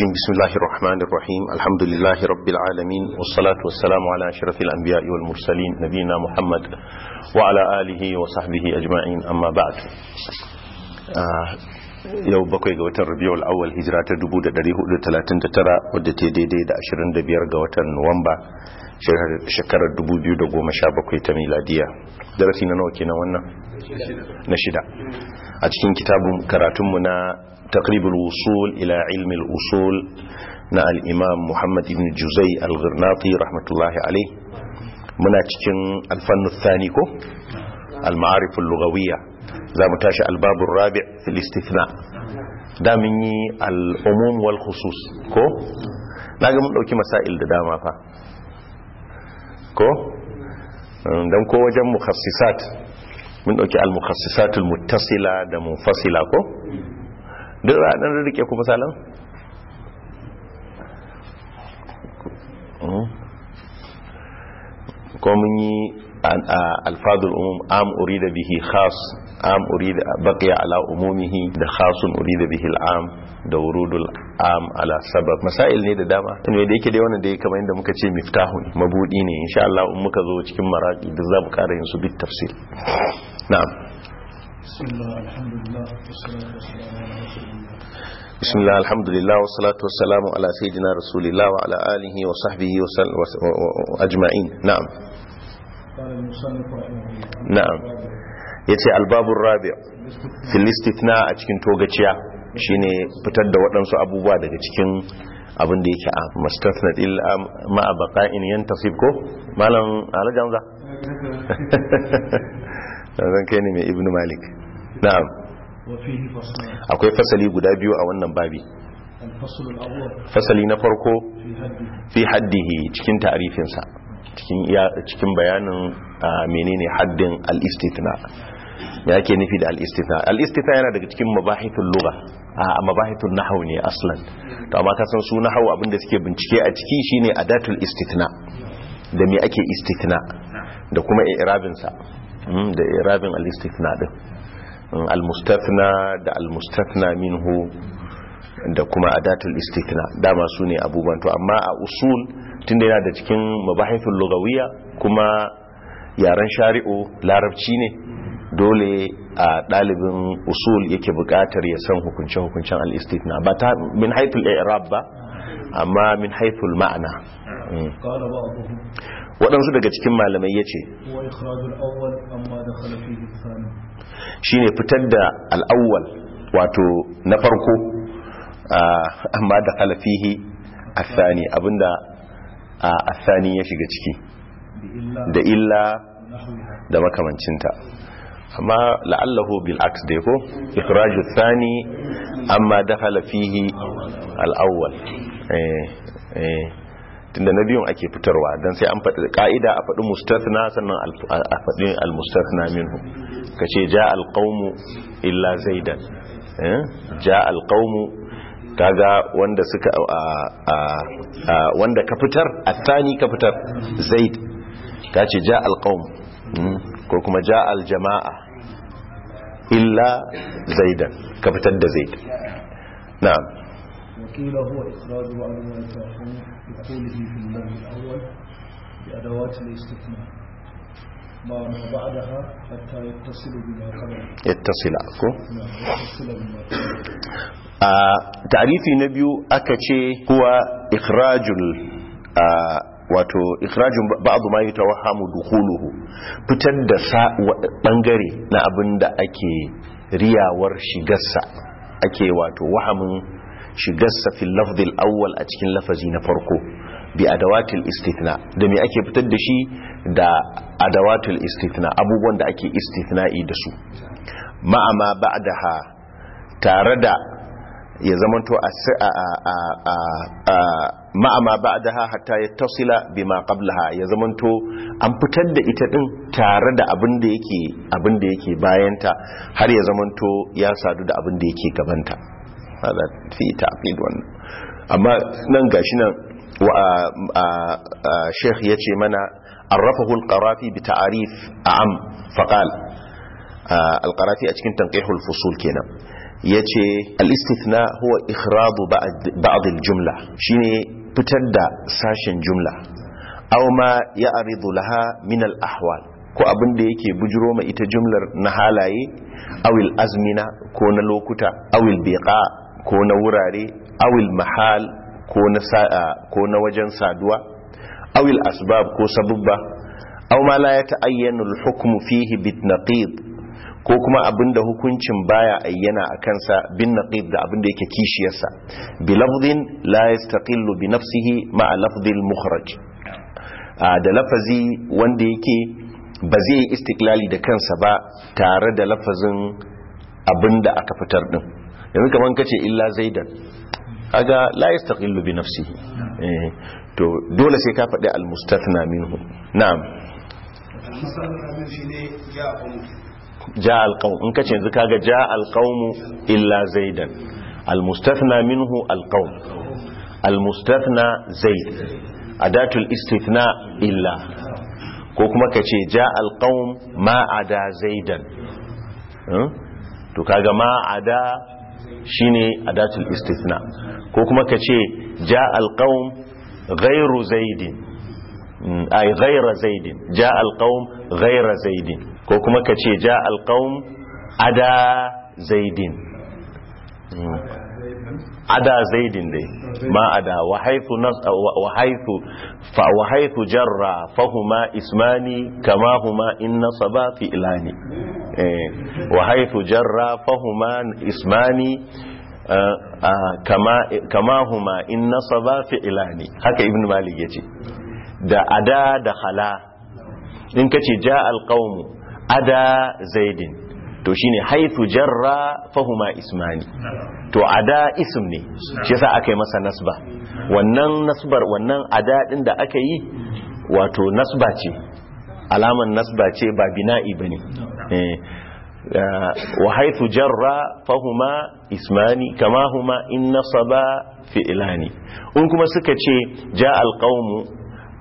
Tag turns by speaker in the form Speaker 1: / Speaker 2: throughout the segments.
Speaker 1: بسم الله الرحمن الرحيم الحمد لله رب العالمين والصلاة والسلام على أشرف الأنبياء والمرسلين نبينا محمد وعلى آله وصحبه أجمعين أما بعد yau bakwai ga watan rabiul awwal hijira ta 1439 wadda ta daidai da 25 ga watan nuwamba shekarar 2017 ta miladiya darasi na nawa kenan wannan na shida a cikin kitabun karatunmu na takribul usul ila ilmi usul na alimam Muhammad ibn Juzai al rahmatullahi alai muna cikin alfannu thani ko al maariful Lugawiya. Za mu tashi al rabi' filistina damin da mun yi al husus wal khusus ko naga mun ɗauki masail da dama fa ko um, don ko wajen mukhassisat mun dauki al-mukhassisatul muttasila da munfasila ko duk za a dan rike ku misalan hmm. ko mun yi آه، الفاظ الأموم عام اريد به خاص عام أريد بقي على أمومه ده خاص أريد به العام ده ورود العام على سبب مسائل ne da dama ne da دي dai wannan da kamar yadda muka ce miftahu ne mabudi ne insha Allah in muka zo cikin maraki da بسم الله الحمد لله والصلاة والسلام على سيدنا رسول الله وعلى آله وصحبه وسلم أجمعين نعم na'am yace albabur rabi fil istithna a cikin togaciya shine fitar da waɗansu abubuwa daga cikin abin da yake a mastathnat il ma yan yantasib ko malam alajanza dan kai ne mai ibnu malik na'am akwai fasali guda biyu a wannan babi fasali na farko fi haddihi cikin ta'rifinsa cikin bayanin menene haddin al-istithna ya ke nufi da al-istithna al-istithna yana daga cikin mabahithul lugha a mabahithun nahau ne aslan to amma ka san su nahau abin da suke bincike a ciki shine adatul istithna da me ake istithna da kuma i'rabin sa hmm, da i'rabin al-istithna din hmm, al-mustathna da al-mustathna minhu da kuma adatul istithna dama su ne abubuwan to amma a usul tunda yana da cikin mabahaifin lugawiya kuma yaren shari'u larabci ne dole a dalibin usul yake bukatar ya san hukuncen hukuncen al istitna ba ta min haifin i'rab ba amma min haifin ma'ana mm. waɗansu daga cikin malamai ya ce shi ne fitar da al'awwal wato na farko ah, amma da halafihi a sani abinda a Sani ya shiga ciki da illa da makamancinta amma la'allahu bil aks ya ko ikhraju amma dakhala fihi al'awwal. Eh, eh. tunda na biyun ake fitarwa don sai an faɗi ka'ida a faɗi mustathna sannan a faɗi al minhu kace ja al qawmu illa zaidan eh? ja al qawmu kaga wanda suka wanda ka fitar athani ka fitar zaid kace ce ja alqaum ko kuma ja aljamaa illa zaidan ka fitar da zaid na'am
Speaker 2: wakila huwa ikraju wa anwa ta'khum bi qawlihi fil lawl al-awwal bi adawat al-istithna ما ما بعدها حتى
Speaker 1: na biyu aka ce kuwa تعريفي نبيو أكتشي wato ikhrajin ba'adu ma yatawahhamu dukhuluhu fitar da sa bangare na abinda ake riyawar shigarsa ake wato wahamin shigarsa fil lafdil awwal a cikin lafazi na farko bi adawatul istithna da me ake fitar da shi da adawatul istithna abubuwan da ake istithna'i da su ma'ama ba'daha tare da ya zamanto a ma'ama ba'daha hatta yattasila bima qablaha ya zamanto an fitar da ita din tare da abin da yake abin da yake bayanta har ya zamanto ya sadu da abin da yake gabanta hada fi ta'qid wannan amma nan gashi nan sheikh ya ce mana arrafahul qarafi bi ta'arif am faqal al a cikin tanqihul fusul kenan yace al-istithna huwa ikhradu ba'd al-jumla shine fitar da sashen jumla aw ma ya'ridu laha min ahwal ko abin da yake bujiro ma ita jumlar na halaye awil azmina ko na lokuta awil biqa ko na wurare awil mahal ko na wajen saduwa awil asbab ko sabubba aw ma la yata'ayyanu al-hukmu fihi bit ko kuma abinda hukuncin baya ayyana a kansa bin naqid da abinda yake kishiyarsa bi lafdhin la yastaqillu bi nafsihi ma'a lafdhi mukhraj da lafazi wanda yake ba zai istiklali da kansa ba tare da lafazin abinda aka fitar din yanzu kaman kace illa zaidan kaga la yastaqillu bi nafsihi eh, to dole sai ka faɗi mustathna minhu na'am
Speaker 3: almustathna shine
Speaker 1: ja in kace yanzu kaga ja alqawm illa zaidan mustathna minhu Al al mustathna zaid adatul istithna illa ko kuma kace ja qawm ma ada zaidan eh, to kaga ma ada shine adatul istithna ko kuma ka ce ja alqaum ghairu zaidin mm, ay ghaira zaidin ja alƙawun ghaira zaidin ko kuma ka ce ja alqaum ada zaidin mm. ada zaidin dai ma ada wa haythu wa haythu fa jarra fahuma ismani kama huma in nasaba fi ilani Eh, wa haithu jarra fahuma ismani eh, ah, kama huma in nasaba fi'ilani haka ibn malik yace da ada da hala in kace ja alqawmu ada zaidin to shine haithu jarra fahuma ismani to ada ism ne shi yasa aka yi masa nasba wannan nasbar wannan ada din da aka yi wato nasba ce alaman nasba ce ba bina'i bane Eh, wa haithu jarra fahuma ismani kama huma in nasaba fi'lani in kuma suka ce ja alqaumu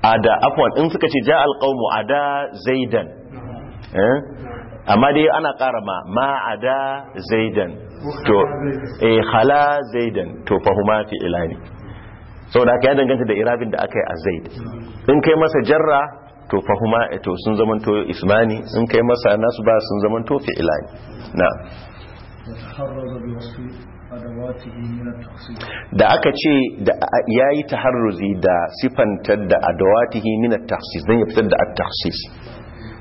Speaker 1: ada afwan in suka ce ja alqaumu ada zaidan eh, amma dai ana ƙara ma ma'ada zaidan to eh khala zaidan to fahuma fi'lani saboda haka ya danganta da irabin da aka yi a zaid in kai masa jarra to huma eh, to sun to ismani sun kai masa nasu ba sun zamanto ilani na da aka ce ya yi taharruzi da sifantar da adawatihi at taksis dan ya fitar da at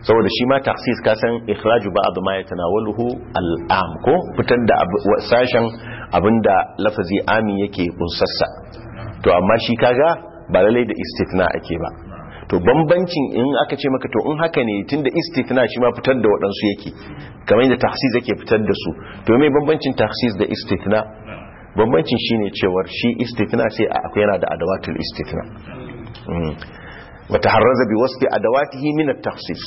Speaker 1: saboda shi ma taksis kasan ikhraju ba ma yatanawaluhu al al'am ko fitar da sashen abinda lafazi amin yake kunsassa to amma shi kaga ba lalai da istithna ake ba to bambancin in aka ce maka to in haka ne tunda istithna shi ma fitar da waɗansu yake kamar yadda tahsis yake fitar da su to me bambancin tahsis da istithna bambancin shine cewar shi istithna sai akwai yana da adawatul istithna hmm. wata harraza bi wasu adawatihi min at-tahsis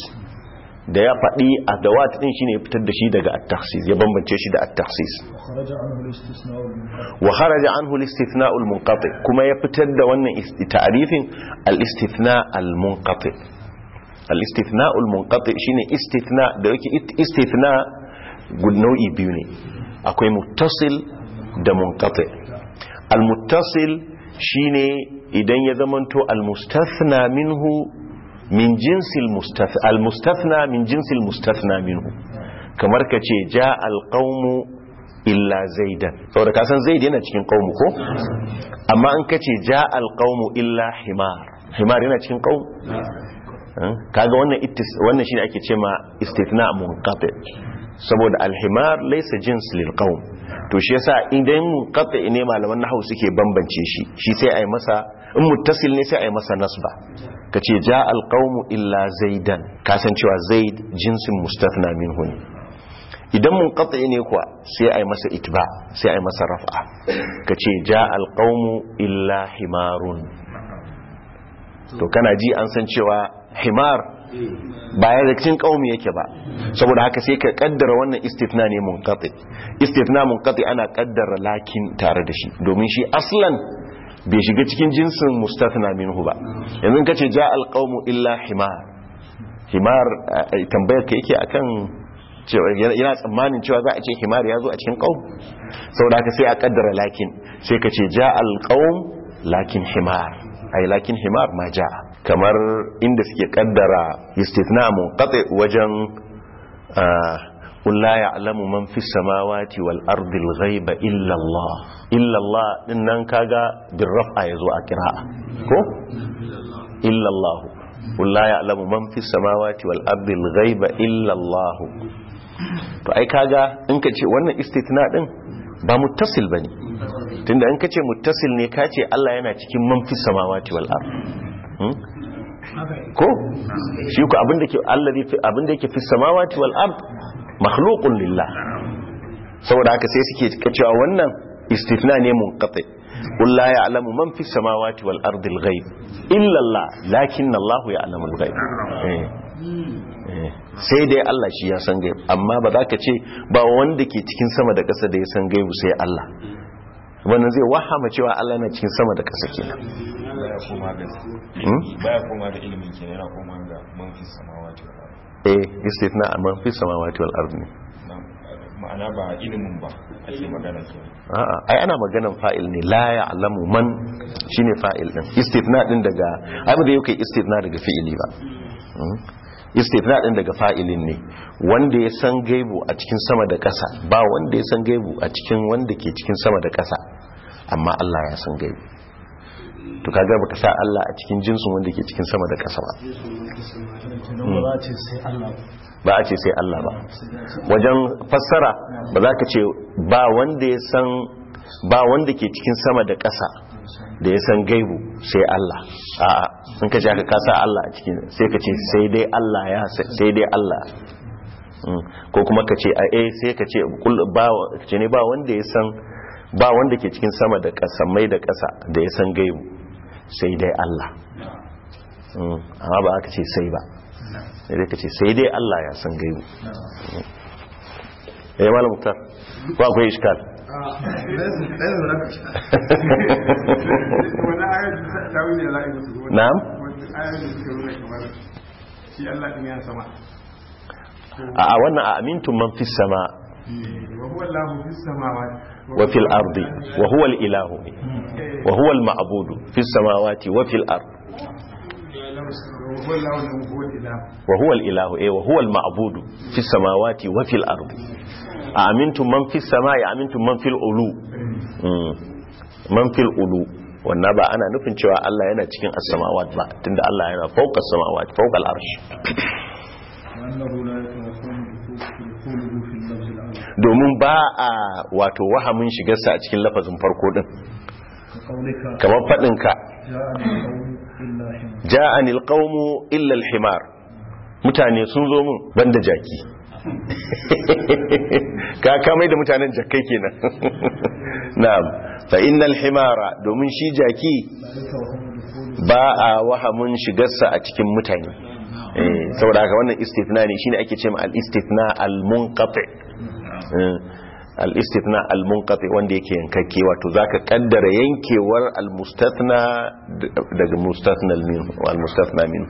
Speaker 1: da ya faɗi a dawat ɗin shine ya fitar da shi daga at-takhsis ya bambance shi da at-takhsis wa kharaja anhu al-istithna' al-munqati kuma ya fitar da wannan ta'rifin al-istithna' al-munqati al-istithna' al-munqati shine istithna' da yake istithna' nau'i biyu ne akwai muttasil da munqati al-muttasil shine idan ya zamanto al-mustathna minhu min jinsil mustathna al mustathna min jinsil mustathna minhu kamar ka ce ja alqaumu illa zaidan saboda ka san zaid yana cikin qaumu ko amma an ka ce ja alqaumu illa himar himar yana cikin qaumu hmm? kaga wannan ittis wannan shine ake cewa istithna munqati saboda Al-Himar alhimar laysa jins lilqaum to shi yasa idan munqati ne malaman nahwu suke bambance shi shi sai ai masa in muttasil ne sai ai masa nasba kace ja qaumu illa zaidan cewa zaid jinsin mustathna minhu ne idan munqati ne kuwa sai ai masa itba sai ai masa raf'a kace ja qaumu illa himarun to kana ji an san cewa himar ba ya da cikin kaumi yake ba saboda haka sai ka kaddara wannan istitna ne munqati mun munqati ana kaddara lakin tare da shi domin shi aslan bai shiga cikin jinsin mustathna minhu ba yanzu kace ja qaumu illa himar himar eh, tambayar ka yake akan yana tsammanin cewa za a ce himar ya zo a cikin qaum saboda haka sai a kaddara lakin sai ka ce ja qaum lakin himar ai lakin himar ma ja'a kamar inda suke kaddara istithna munqati wajen qul la ya'lamu man fis samawati wal ardi al ghaiba illa Allah illa Allah din nan kaga bil raf'a yazo a kiraa ko illa Allah kullu ya'lamu man fis samawati wal ardi al ghaiba illa Allah to ai kaga in ka ce wannan istithna din ba muttasil bane tunda in ka ce muttasil ne ka ce Allah yana cikin man fis samawati wal ardi Hmm? ko shi ku abinda ke allazi abinda yake fi samawati wal ard makhluqun lillah saboda haka sai suke cewa wannan istithna ne munqati qul la ya'lamu man fi samawati wal ard al ghaib illa allah lakinna allah ya'lamu al ghaib eh. Eh. sai dai Allah shi ya san gaibu amma ba za ka ce ba wanda ke cikin sama da ƙasa da ya san gaibu sai Allah wannan zai wahama cewa Allah na cikin sama da kasa
Speaker 3: kenan baya koma hmm? koma da ilimin kenan yana koma ga man fi samawati wal
Speaker 1: ard eh istithna man fi samawati wal ard ne
Speaker 3: ma'ana ba ilimin ba ake magana ke
Speaker 1: a'a ai ana maganan fa'il ne la ya'lamu man shine fa'il din istithna din daga ai ba da yake istithna daga fi'ili ba hmm? istifna din daga fa'ilin ne wanda ya san gaibu a cikin sama da ƙasa ba wanda ya san gaibu a cikin wanda ke cikin sama da ƙasa amma Allah ya san gaibu to kaga baka sa Allah a cikin jinsin wanda ke cikin sama da ƙasa ba hmm. ba a ce sai Allah ba wajen fassara ba za ka ce ba wanda ya san ba wanda ke cikin sama da ƙasa da ya san gaibu sai Allah a sun ka ka kasa Allah a cikin sai ka ce sai dai Allah ya sai dai Allah hmm. ko kuma ka ce a eh sai ka ce ba wanda ya san ba wanda ke cikin sama da ƙasa mai da ƙasa da ya san gaibu sai dai Allah hmm, amma ba aka ce sai ba sai dai ka ce sai dai Allah ya san gaibu ya hmm. eh, malam muktar ko akwai iskal na'am a wannan a amintun man fi sama eh,
Speaker 3: wa huwa fi wa fil ardi wa ilahu
Speaker 1: wa huwa al ma'budu fis samawati wa fil ard wa ilahu eh wa huwa al ma'budu wa fil a man man fil ulu hmm. man fil ulu wannan ba ana nufin cewa Allah yana cikin as-samawat ba tunda Allah yana fawqa as-samawat fawqa al-arsh domin ba a wato wahamin shigarsa a cikin lafazin farko din
Speaker 2: kamar faɗinka
Speaker 1: ja'anil qaumu illa alhimar himar mutane sun zo mun banda jaki ka kamai da mutanen jakai kenan na'am fa innal himara domin shi jaki ba a wahamin shigarsa a cikin mutane eh, saboda haka wannan istithna ne shine ake cewa al-istithna al-munqati Eh, al-istithna al-munqati wanda yake yankake wato zaka kaddara yankewar al-mustathna daga mustathna min wal mustathna min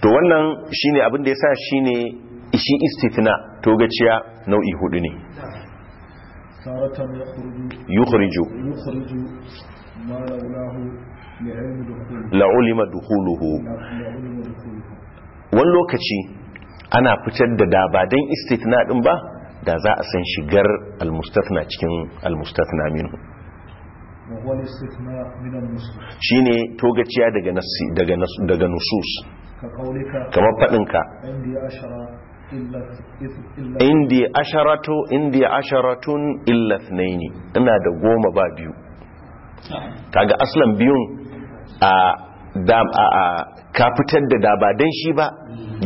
Speaker 1: to wannan shine abin da yasa shine shi istithna to gaciya nau'i hudu ne yukhriju
Speaker 2: yukhriju ma
Speaker 1: la'ulima dukhuluhu wani lokaci ana fitar da da ba dan din ba da za a san shigar almustathna cikin almustathna minhu shi ne togaciya daga nusus kamar faɗinka indi asharatu indi asharatun illaf naini ina da goma ba biyu kaga aslan biyun a da ka fitar da dabadan shi ba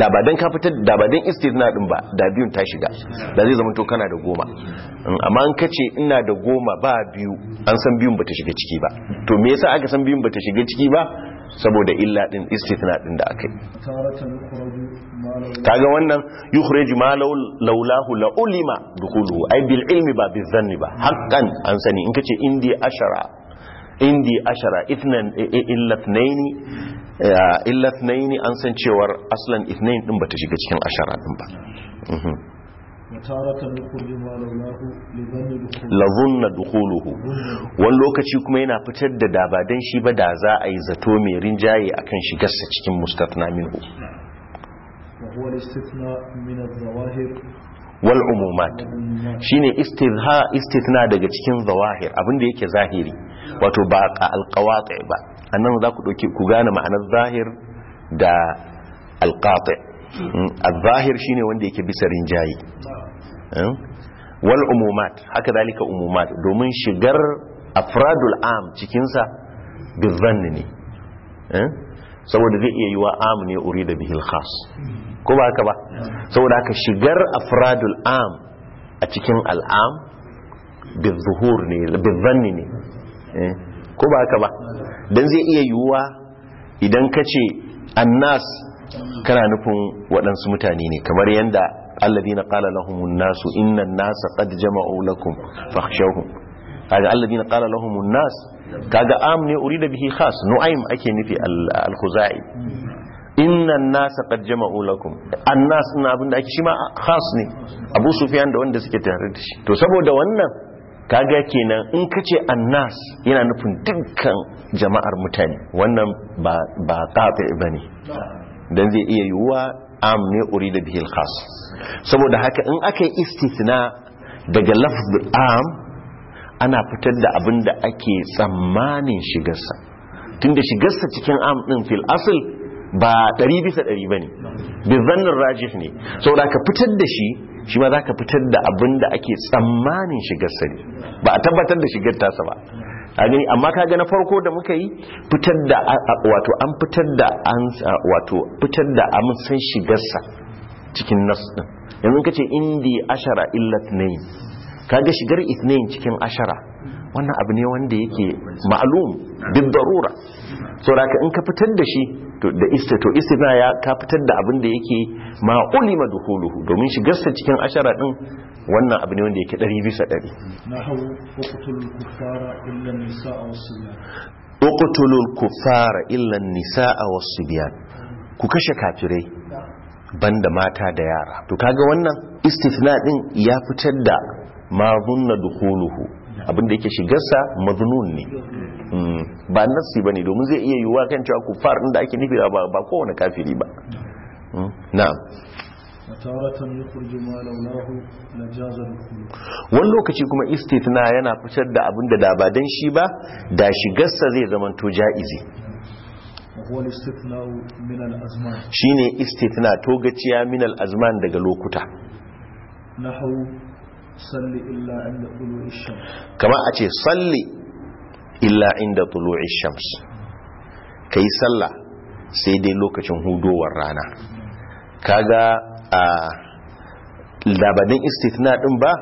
Speaker 1: dabadan ka fitar da dabadan din ba da biyun ta shiga da zai zama to kana da goma mm, amma an kace ina da goma ba biyu an san biyun bata shiga ciki ba to me yasa aka san biyun bata shiga ciki ba saboda illa din na din da akai kaga wannan yukhrij ma laulahu la ulima dukhulu ai bil ilmi ba bizanni ba haqqan an sani in kace indi ashara indi ashara illatnaini illatnaini an san cewar aslan ithnain din bata shiga cikin ashara din ba mhm.
Speaker 2: lazunna dukuluhu
Speaker 1: wani lokaci kuma yana fitar da dabadan shi ba da za a yi zato mai rinjaye akan shigarsa cikin mustatna minhu wal umumat shine istithna daga cikin zawahir abinda yake zahiri wato ba alqawati ba annan za ku ku gane ma'anar zahir da alqati hmm, al-zahir shine wanda yake bisa rinjayi. Hmm, wal umumat haka dalika umumat domin shigar afradul am cikinsa. sa bizanni ne hmm, saboda zai iya yiwa am ne urida bihil khas ko ba haka ba saboda haka shigar afradul am a cikin al'am bizuhur ne bizanni ne Eh, ko ba haka ba don zai iya yiwuwa idan ka ce annas kana nufin waɗansu mutane ne kamar yadda alladina qala lahumun nasu innan nasa qad jama'u lakum fakhshawhum kaga alladina qala lahumun nas kaga am ne urida bihi khas nu'aym ake nufi al-khuzai innan nasa qad jama'u lakum annas na abinda ake shi ma khas ne abu sufyan da wanda suke tare da shi to saboda wannan kaga kenan in ka ce annas yana nufin dukkan jama'ar mutane wannan ba ƙafi ba ne don zai iya yiwuwa am ne uri da bihil khas saboda haka in aka yi istisna daga lafzul am ana fitar da abin da ake tsammanin shigarsa tunda shigarsa cikin am din fil asl ba ɗari bisa ɗari ba ne bizannin rajif ne saboda ka fitar da shi shi ma za ka fitar da abin da ake tsammanin shigarsa ne ba a tabbatar da shigar tasa ba a amma kaga na farko da muka yi fitar da wato an fitar da an wato fitar da amin san shigarsa cikin nas din yanzu kace indi ashara illa Ka ga shigar ithnain cikin ashara wannan abu ne wanda yake ma'alum duk darura sauraka in ka fitar da shi da ista to istina ya ka fitar da abin da yake ma'uli maduhuluhu domin shigarsa cikin ashara din wannan abu ne wanda yake ɗari bisa ɗari uqtulul kuffara illa nisaa was sibyan ku kashe kafirai banda mata da yara to kaga wannan istithna din ya fitar da ma dukhuluhu Abin da yake shigarsa mazunun ne mm. ba nassi ba ne domin zai iya yiwuwa kan cewa kufar inda ake nufi ba kowane kafiri ba mm. na wani lokaci kuma istitna yana fitar da abin da ba dan shi ba da shigarsa zai zamanto ja'izi
Speaker 2: Shi
Speaker 1: shine istitna togaciya minal azman daga lokuta
Speaker 2: salli illa inda tulu'i shams
Speaker 1: a ce salli illa inda tulu'i shams kai sallah sai dai lokacin hudowar rana kaga a labadin istithna din ba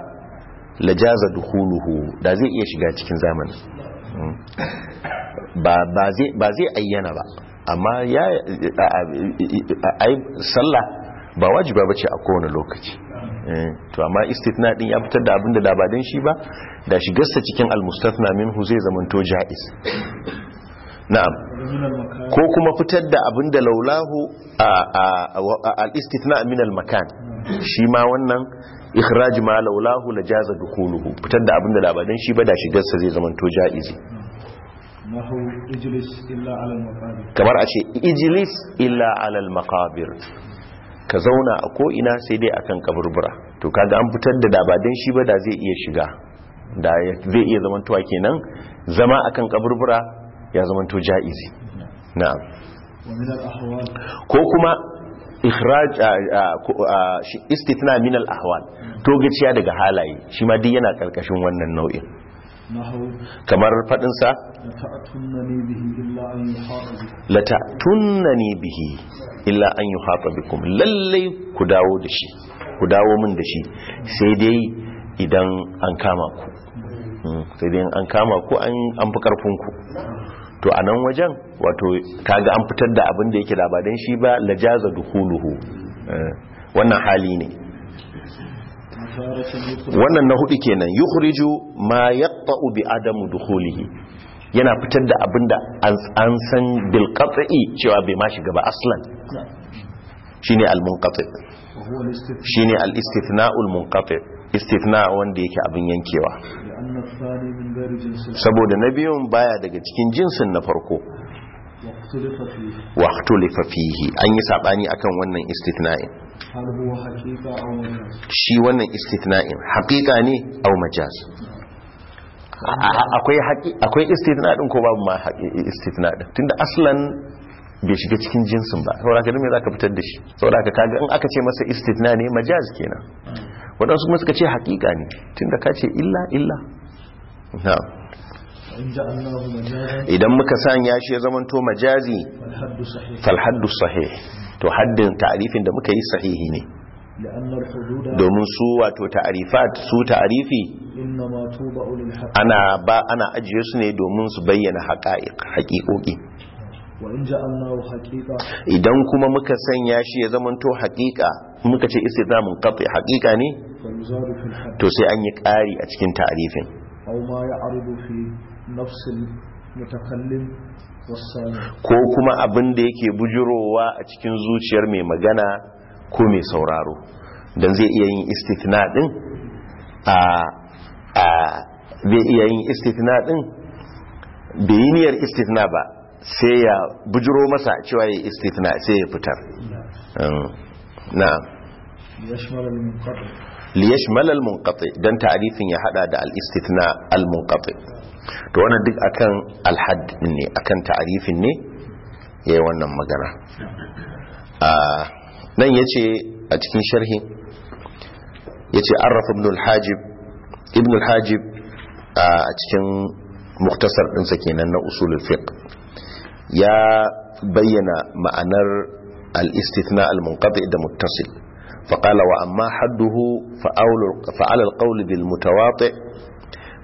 Speaker 1: lajaza dukhuluhu da zai iya shiga cikin zamani ba zai ayyana ba amma ya ai sallah ba wajiba bace a kowane lokaci Eh, to amma istithna din ya fitar da abin da ba dan shi ba da shigarsa cikin almustathna minhu zai to jaiz na'am ko kuma fitar da abin da laulahu al-istithna min al-makan shi ma wannan ikhraj ma laulahu la jaza dukuluhu fitar da abin da ba dan shi ba da shi shigarsa zai to jaiz kamar a ce ijilis illa alal makabir ka zauna a ko'ina sai dai akan kaburbura to kaga an fitar da dabadin shi ba da zai iya shiga da zai iya tuwa kenan zama akan kaburbura ya tuwa ja'izi na'am ko kuma ikhraj istithna min al-ahwal to gaciya daga halaye shi ma duk yana karkashin wannan nau'in kamar faɗinsa lata tunna ne bihi illa an yi haɓa bikum lallai ku dawo da shi ku dawo min da shi sai dai idan an kama ku sai dai an kama ku an fi ƙarfinku to a nan wajen wato ga an fitar da abin da yake da ba don shi ba lajaza duhuluhu wannan hali ne
Speaker 2: wannan na hudu
Speaker 1: kenan yukhriju ma yaqta'u bi adamu dukhulihi yana fitar da abinda an san bil qat'i cewa bai ma shiga ba aslan shine al munqati shine al al munqati istithna wanda yake abin yankewa saboda na baya daga cikin jinsin na farko واختلف فيه أن يسعباني akan wannan استثناء
Speaker 2: هل هو حقيقة أو مجاز
Speaker 1: شي ونن استثناء حقيقة ني akwai istithna din ko babu ma istithna din tunda aslan bai shiga cikin jinsin ba saboda ka me zaka fitar da shi saboda ka kaga in aka ce masa istithna ne majaz kenan wadansu kuma suka ce haƙiƙa ne tunda ka ce illa illa na'am idan muka sanya shi ya to majazi falhaddu sahih to haddin ta'arifin da muka yi sahihi ne domin su wato ta'arifat su ta'arifi ana ba ana ajiye su ne domin su bayyana haqa'iq haƙiƙoƙi idan kuma muka sanya shi ya to haƙiƙa muka ce istizamin qati haƙiƙa ne to sai an yi ƙari a cikin ta'arifin
Speaker 2: nafsul mutakallim ko
Speaker 1: kuma abin da yake bujurowa a cikin zuciyar mai magana ko mai sauraro don zai iya yin istitna din a zai iya yin istitna din bai yi niyyar istitna ba sai ya bujiro masa cewa ya istitna sai ya fitar mm. na liyashmal al-munqati dan ta'rifin ya hada da al-istitna al-munqati to wannan duk akan alhad ne akan ta'arifin ne yayi wannan magana a nan yace a cikin sharhi yace arrafa ibn al-hajib ibn al-hajib a cikin muktasar ɗinsa kenan na usulul fiqh ya bayyana ma'anar al-istithna al-munqati da muttasil فقال وأما حده فعلى القول بالمتواطئ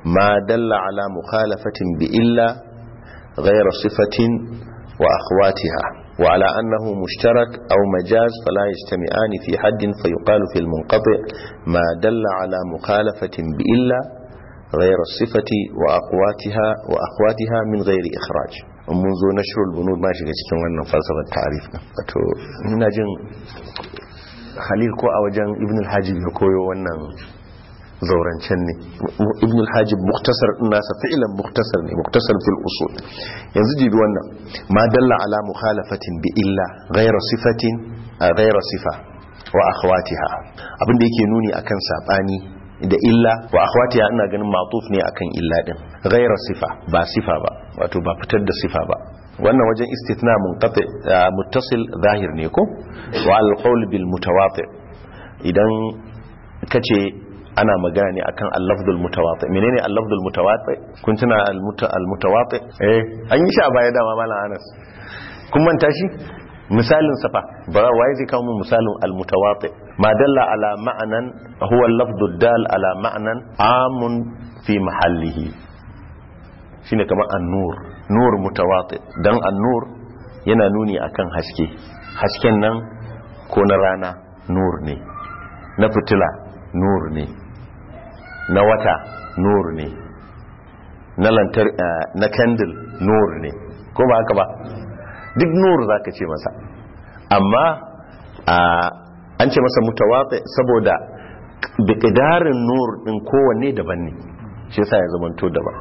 Speaker 1: ما دل على مخالفة بإلا غير صفة وأخواتها وعلى أنه مشترك أو مجاز فلا يجتمعان في حد فيقال في المنقطع ما دل على مخالفة بإلا غير الصفة وأقواتها وأخواتها من غير إخراج منذ نشر البنود ما شكا cikin فلسفة تعريفنا هنا جن خليل ina jin Khalil ko a zaurancen ne ibn al-hajib muktasar nasa fi'lan muktasar ne muktasar fil usul yanzu jibi wannan ma dalla ala mukhalafatin bi illa ghayra sifatin ghayra sifa wa akhwatiha abinda yake nuni akan sabani da illa wa akhwatiha ina ganin matuf ne akan illa din ghayra sifa ba sifa ba wato ba fitar da sifa ba wannan wajen istithna munqati muttasil zahir ne ko wa al-qawl bil mutawati idan kace ana magana ne akan al-lafdul mutawati menene al-lafdul mutawati kun tuna al-mutawati eh an yi sha baya dama malam Anas kun manta shi misalin safa ba waye zai kawo mu misalin al-mutawati ma dalla ala ma'anan huwa al-lafdul dal ala ma'anan amun fi mahallihi shine kamar an-nur nur mutawati dan annur yana nuni akan haske hasken nan ko na rana nur ne na fitila nur ne na wata nur ne na lantar eh, na candle nur ne ko ba haka ba duk nur zaka ce masa amma an ce masa mutawatsi saboda bikidarin nur ɗin kowanne daban ne shi sa ya zamanto daban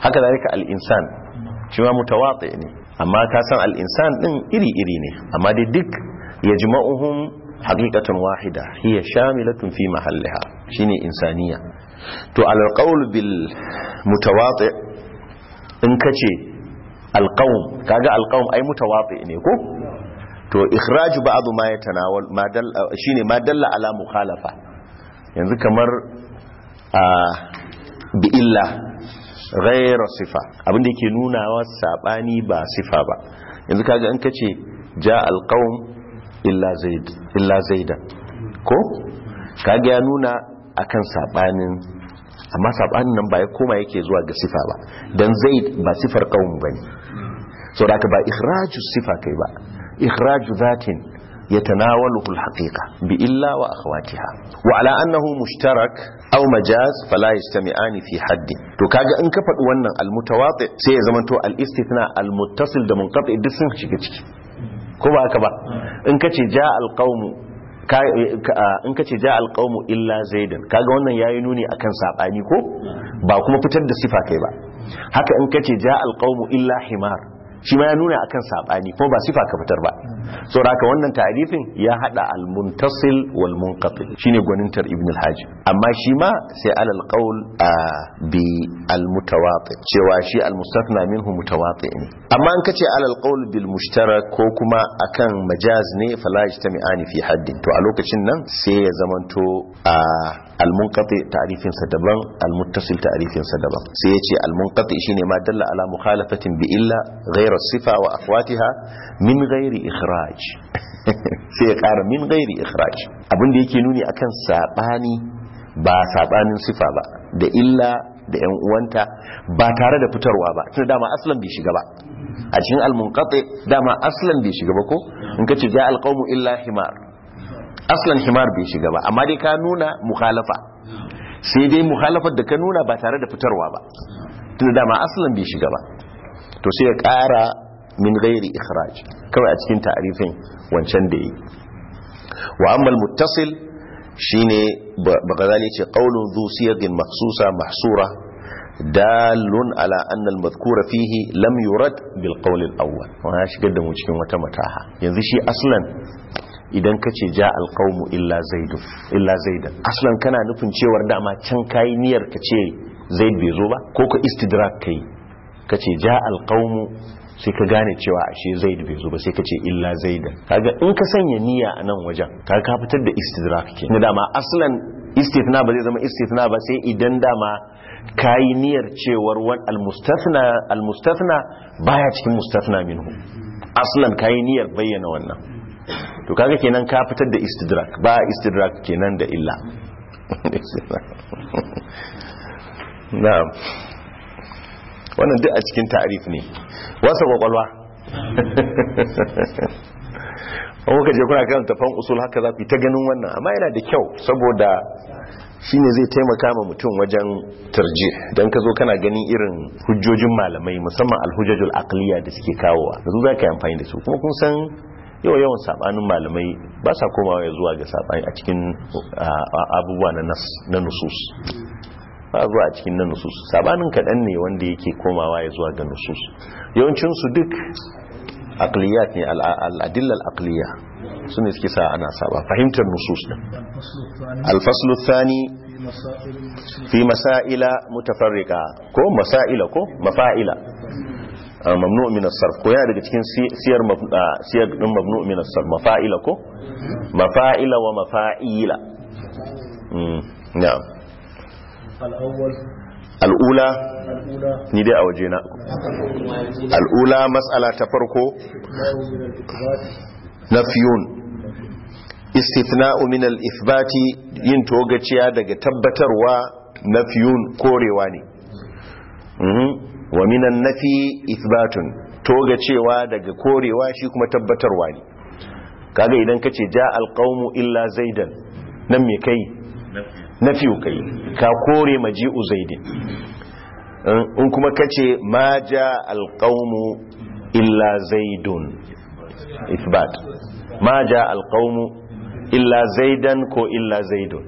Speaker 1: haka zalika al shima shi ma mutawatsi ne amma ka san al-insan iri-iri ne amma dai duk ya jima'uhun haqiqatan wahida hiya shamilatun fi mahallaha shine insaniya to alƙaul bil mutawati in ka ce alƙaun kaga alƙaun ai mutawati ne ko to ikhraju ba'du ma yatanawal ma dalla shine ma dalla ala mukhalafa yanzu kamar a bi illa ghayra sifa abinda yake nuna wa sabani ba sifa ba yanzu kaga in kace ja alqaum illa zaid illa zaidan ko kaga ya nuna akan sabanin amma sabanin nan ba ya koma yake zuwa ga sifa ba dan zai ba sifar qaum bane so da ba ikhraju sifa kai ba ikhraju zatin yatanawaluhu alhaqiqa bi illa wa akhawatiha wa ala annahu mushtarak aw majaz fala yastami'ani fi haddi. to kaga in ka faɗi wannan almutawati sai ya zamanto alistithna almuttasil da munqati duk sun shiga ciki ko ba haka ba in kace ja alqaumu in ka ce ja alƙaumu illa zaidan kaga wannan yayi nuni kan sabani ko ba kuma fitar da sifa kai ba haka in ka ce ja alƙaumu illa himar shi ma ya nuna akan sabani kuma ba sifa ka fitar ba saboda haka wannan ta'arifin ya hada al-muntasil wal munqati shine gwanintar ibn al-hajj amma shi ma sai alal qaul bi al cewa shi al-mustafna minhu mutawati ne amma an kace alal qaul bil mushtarak ko kuma akan majaz ne fala yajtami'ani fi haddin to a lokacin nan sai ya zamanto al-munqati ta'rifin sa daban al-muttasil ta'rifin sa daban sai yace al-munqati shine ma dalla ala mukhalafatin bi illa ghayr ghayra sifa wa akhwatiha min ghairi ikhraj sai ya ƙara min ghairi ikhraj abin yake nuni akan sabani ba sabanin sifa ba da illa da yan uwanta ba tare da fitarwa ba tunda dama aslan bai shiga ba a cikin al-munqati dama aslan bai shiga ba ko in kace ja al-qawmu illa himar aslan himar bai shiga ba amma dai ka nuna mukhalafa sai dai mukhalafar da ka nuna ba tare da fitarwa ba tunda dama bai shiga ba to sai ya ƙara min gairi ikhraj kawai a cikin ta'arifin wancan da yi wa ammal muttasil shine bagazali ce qaulun zu siyagin mahsusa mahsura dalun ala anna al-madhkura fihi lam yurad bil qawl al-awwal shigar da mu cikin wata mataha yanzu shi aslan idan ka ce ja alƙaumu illa zaidan aslan kana nufin cewar dama can kayi niyyar ka ce zaid bai zo ba ko ka istidrak kai ka ce ja alƙaumu sai ka gane cewa ashe zaid bai zo ba sai ka ce illa zaida kaga in ka sanya niyya a nan wajen kaga ka fitar da istidrak ke na dama aslan istithna ba zai zama istithna ba sai idan dama kayi niyyar cewar wan almustathna almustathna baya cikin mustathna minhu aslan kayi niyyar bayyana wannan to kaga kenan ka fitar da istidrak ba istidrak kenan da illa na'am wannan duk a cikin ta'arif ne wasa kwakwalwa an kuka je kuna kan tafan usul haka za ku yi ta ganin wannan amma yana da kyau saboda shi ne zai taimaka ma mutum wajen tarji don ka zo kana ganin irin hujjojin malamai musamman alhujjajul akliya da suke kawowa da za ka yi amfani da su kuma kun san yawa yawan sabanin malamai ba sa komawa ya zuwa ga sabani a cikin abubuwa na nusus ba zuwa a cikin na nusus sabanin kaɗan ne wanda yake komawa ya zuwa ga nusus yawancinsu duk akliyat ne al'adillar akliya su ne suke sa ana saba fahimtar nusus ɗin
Speaker 2: alfaslu thani
Speaker 1: fi masa'ila mutafarrika ko masa'ila ko mafa'ila mamnu min as-sarf ko ya daga cikin siyar siyar din mamnu min as-sarf mafa'ila ko mafa'ila wa mafa'ila hmm, na'am
Speaker 2: al'ula
Speaker 1: ni dai a waje na al'ula matsala ta farko na fiyon istithna'u uminal ifbati yin togaciya daga tabbatarwa na fiyun korewa ne mhm. wa minan nafi ifbatun togacewa daga korewa shi kuma tabbatarwa ne kaga idan ka ce ja alqaumu illa zaidan nan me kai Na fi kai ka kore maji zaidin in kuma ka ce ma ja alqaumu illa zaidun ifbat ma ja alqaumu illa zaidan ko illa zaidun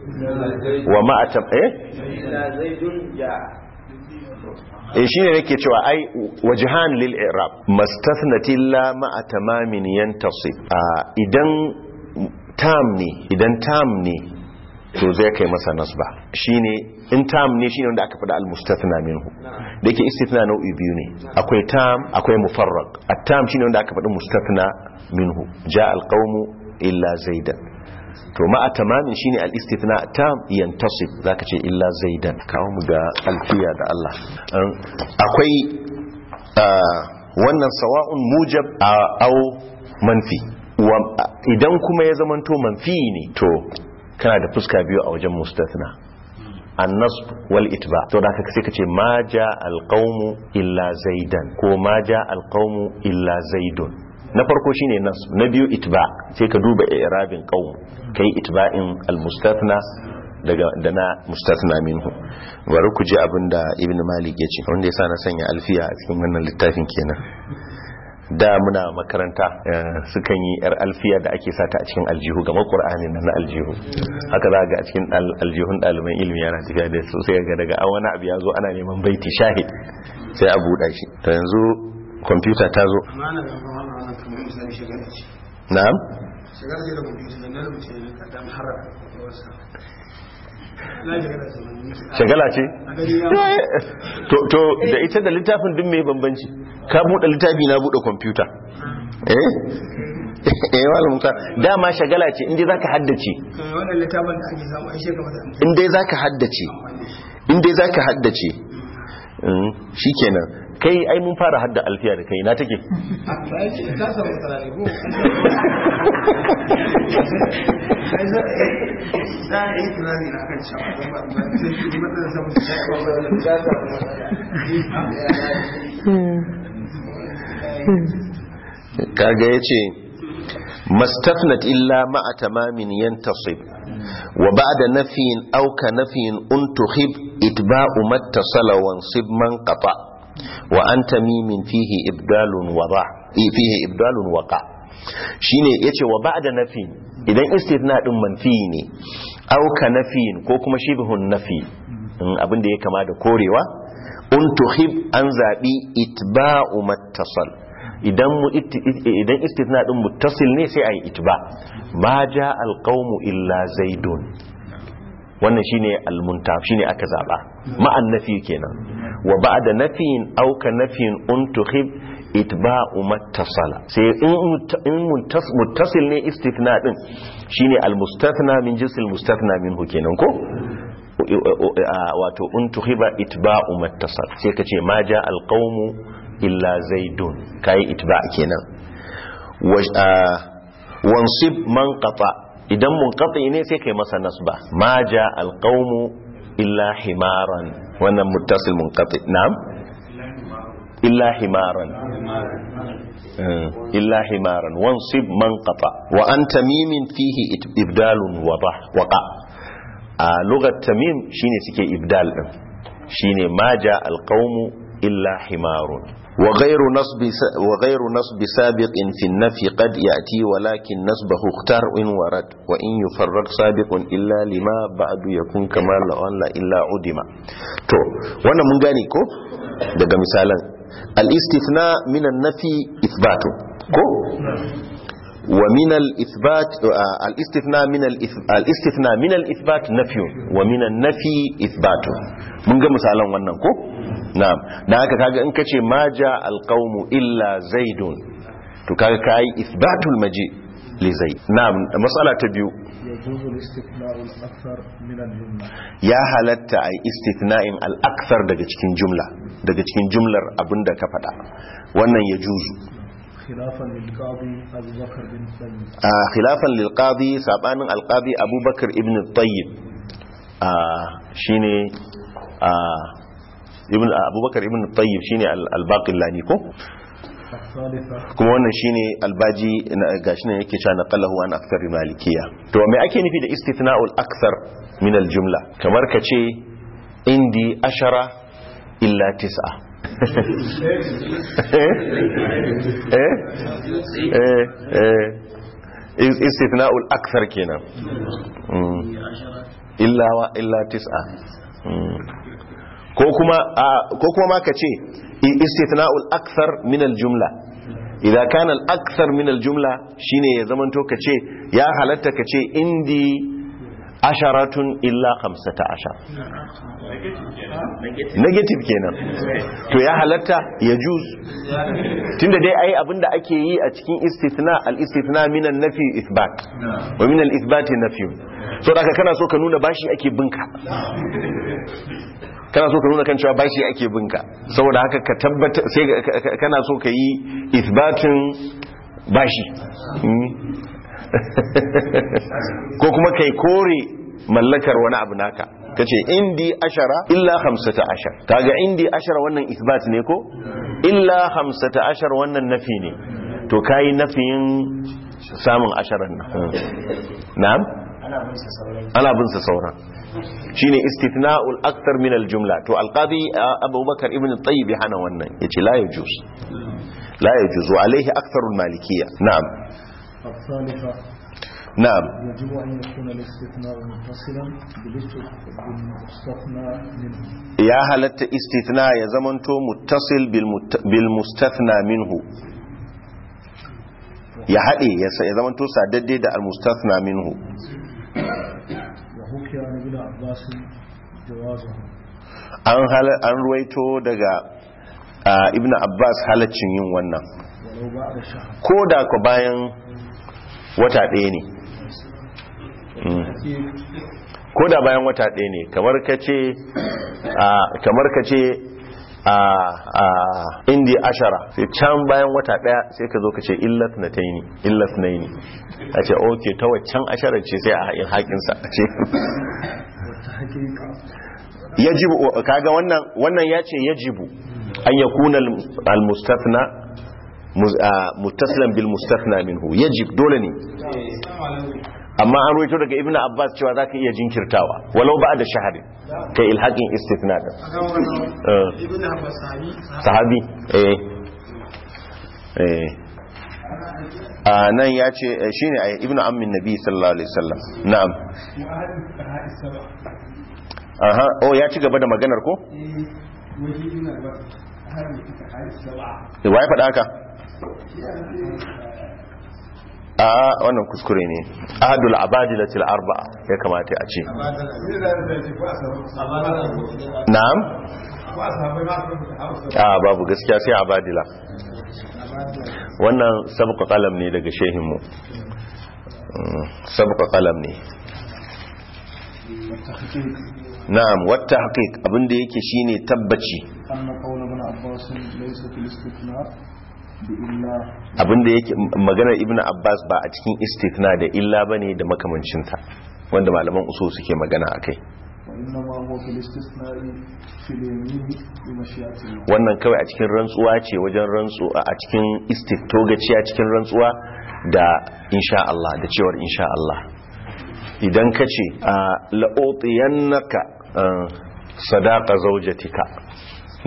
Speaker 1: wa ma eh
Speaker 2: illa zaidun ja
Speaker 1: e eh, shine nake cewa ai wajhan lil i'rab mastathnati la ma tamamin yantasib ah, idan tam ne idan tam ne to zai kai masa nasba shine in tam ne shine wanda aka fada al-mustathna minhu da yake istithna nau'i biyu ne akwai tam akwai mufarraq at-tam shine wanda aka fada mustathna minhu jaa al-qawmu illa zaidan to ma a tamamin shine al-istithna tam yantasib zaka ce illa zaidan kawo mu ga alfiya da Allah akwai wannan sawa'un mujab au manfi idan kuma ya zamanto manfi ne to kana da fuska biyu a wajen mustatna annas wal itba to da sai kace ma ja alqawmu illa zaidan ko ma ja alqawmu illa zaidun na farko shine nas na biyu itba sai ka duba i'rabin qawm kai itba'in al mustathna daga da na mustathna minhu bari ku ji abinda ibnu malik yace wanda yasa na sanya alfiya a cikin wannan littafin kenan da muna makaranta sukan yi yar alfiya da ake sata a cikin aljihu ga makur'ani na aljihu haka za ga a cikin aljihun ɗaliban ilimi yana tafiya da su sai ga daga an wani abu ya zo ana neman baiti shahid sai a buɗa shi ta yanzu kwamfuta ta zo na'am shagala ce to da ita da littafin duk mai bambanci ka buɗe littafi na buɗe kwamfuta eh eh wala muka dama shagala ce inda zaka haddace
Speaker 3: wannan littafin da ake samu ai shekara
Speaker 1: inda zaka haddace inda zaka haddace hmm, shikenan kai ai mun fara hadda alfiya da kai na take kaga ya ce mastafnat illa ma'a tamamin yantasib wa ba'da nafiyin auka nafiyin untухib itba'u mattasala salawan sibman kafa wa an tamimin fihi ibdalun wada fihi ibdalun waqa shine yace wa ba'da nafi idan istithna din manfi ne aw ka nafiin ko kuma shibhun nafi abin da ya kama da korewa untuhib an zabi itba'u mattasal idan idan istithna din muttasil ne sai ayi itba ma ja alqawmu illa zaidun wannan shine al-muntab shine aka zaba ma'an nafi kenan wa ba'da nafiyin aw ka nafiyin untukhib itba'u muttasala sai in muttasil ne istithna din shine al-mustathna min jinsil mustathna minhu kenan ko wato untukhiba itba'u muttasal sai ka ce ma ja al-qawmu illa zaidun kai itba' kenan ah, wansib man qata' idan munqati ne sai kai masa nasba ma ja alqaumu illa himaran wannan muttasil munqati na'am illa himaran eh, illa himaran wansib man qata wa an mimin fihi ibdalun waqa a lugat tamim shine suke ibdal din shine ma ja alqaumu illa himarun وغير نصب وغير نصب سابق في النفي قد يأتي ولكن نصبه اختار إن ورد وإن يفرق سابق إلا لما بعد يكون كما لو إلا عدم تو وانا من غاني كو daga misalan al-istithna min an-nafi ithbatu ko ومن الإثبات الاستثناء من الاستثناء من الإثبات نفي ومن النفي إثبات من ga misalan wannan ko na'am dan haka kaga in kace ma ja alqaumu illa zaidun to kaga kai ithbatul maji li na'am ta biyu ya halatta a istithna'in al-akthar daga cikin jumla daga cikin jumlar abinda ka faɗa wannan ya juzu khilafan lil qadi sabanin al qadi abubakar ibn tayyib shine ibn abubakar ibn tayyib shine al Lani ko kuma wannan shine albaji gashi nan yake cewa naqalahu an akthar malikiya to me ake nufi da istithna'ul akthar min al-jumla kamar kace indi ashara illa tis'a Eh? Eh? Eh? akthar kenan mm. illa wa illa tis'a mm. ko kuma ko kuma ma kace istithna'ul akthar min al-jumla idza kana al-akthar min al-jumla shine ya zamanto kace ya halatta kace indi asharatun illa hamsata asha. negative kenan to ya halatta ya juz tunda dai ai abinda ake yi a cikin istithna al-istithna minan nafi ithbat wa minal ithbati nafi so daga kana so ka nuna bashi ake binka kana so ka nuna kan cewa bashi ake binka saboda haka ka tabbata sai kana so ka yi ithbatin bashi
Speaker 4: hmm?
Speaker 1: ko kuma kai kore mallakar wani abu naka ka ce indi ashara illa hamsata ashar kaga indi ashara wannan isbat ne ko illa hamsata ashar wannan nafi ne to kayi nafiyin samun asharar nan hmm. na'am ana bin sa sauran shine istithna'ul akthar min al-jumla to al-qadi abubakar ibn tayyib hana wannan yace la yajuz la yajuz alayhi aktharul malikiyya na'am الثالثة نعم
Speaker 2: يجب أن يكون الاستثناء متصلا بالمستثنى منه
Speaker 1: يا هل استثناء يا زمنتو متصل بالمستثنى منه يا هدي يا زمنتو ساددي ده المستثنى منه
Speaker 2: وحكي عن ابن عباس جوازه
Speaker 1: an hal an ruwaito daga ibn abbas halaccin yin wannan ko da ku bayan wata ɗaya ne mm. ko da bayan wata ɗaya ne kamar ka ce a indi ashara sai can bayan wata ɗaya sai ka zo ka ce illat na ta yini illat na yini a ce ok ta waccan ashara ce sai a haƙin haƙinsa a ce yajibu kaga wannan wannan ya ce yajibu an yakuna al-mustafna Ah, mutaslan bil mustathna minhu yajib dole ne amma an ruwaito daga ibnu abbas cewa zaka iya jinkirtawa walau ba da shahari kai ilhaqin istithna da ibnu abbas sahabi eh eh ah, nan ya ce eh, shine eh, ibnu ammin nabi sallallahu alaihi wasallam na'am aha oh ya ci gaba da maganar ko eh, wa wai faɗa ka a wannan kuskure ne ahadul abadilatil arba'a ya kamata a ce
Speaker 3: na'am a
Speaker 1: babu gaskiya sai abadila wannan sabuka qalam ne daga shehinmu mm, sabuka qalam ne na'am wata haqiq abinda yake shine tabbaci
Speaker 2: amma qawlun abbas
Speaker 1: abinda yake maganar ibn abbas ba a cikin na da illa ba ne da makamancinta wanda malaman uso suke magana a kai wannan kawai a cikin rantsuwa ce wajen rantsuwa a cikin togaci a cikin rantsuwa da insha Allah da cewar insha Allah idan kace ce a eh, Sadaqa naka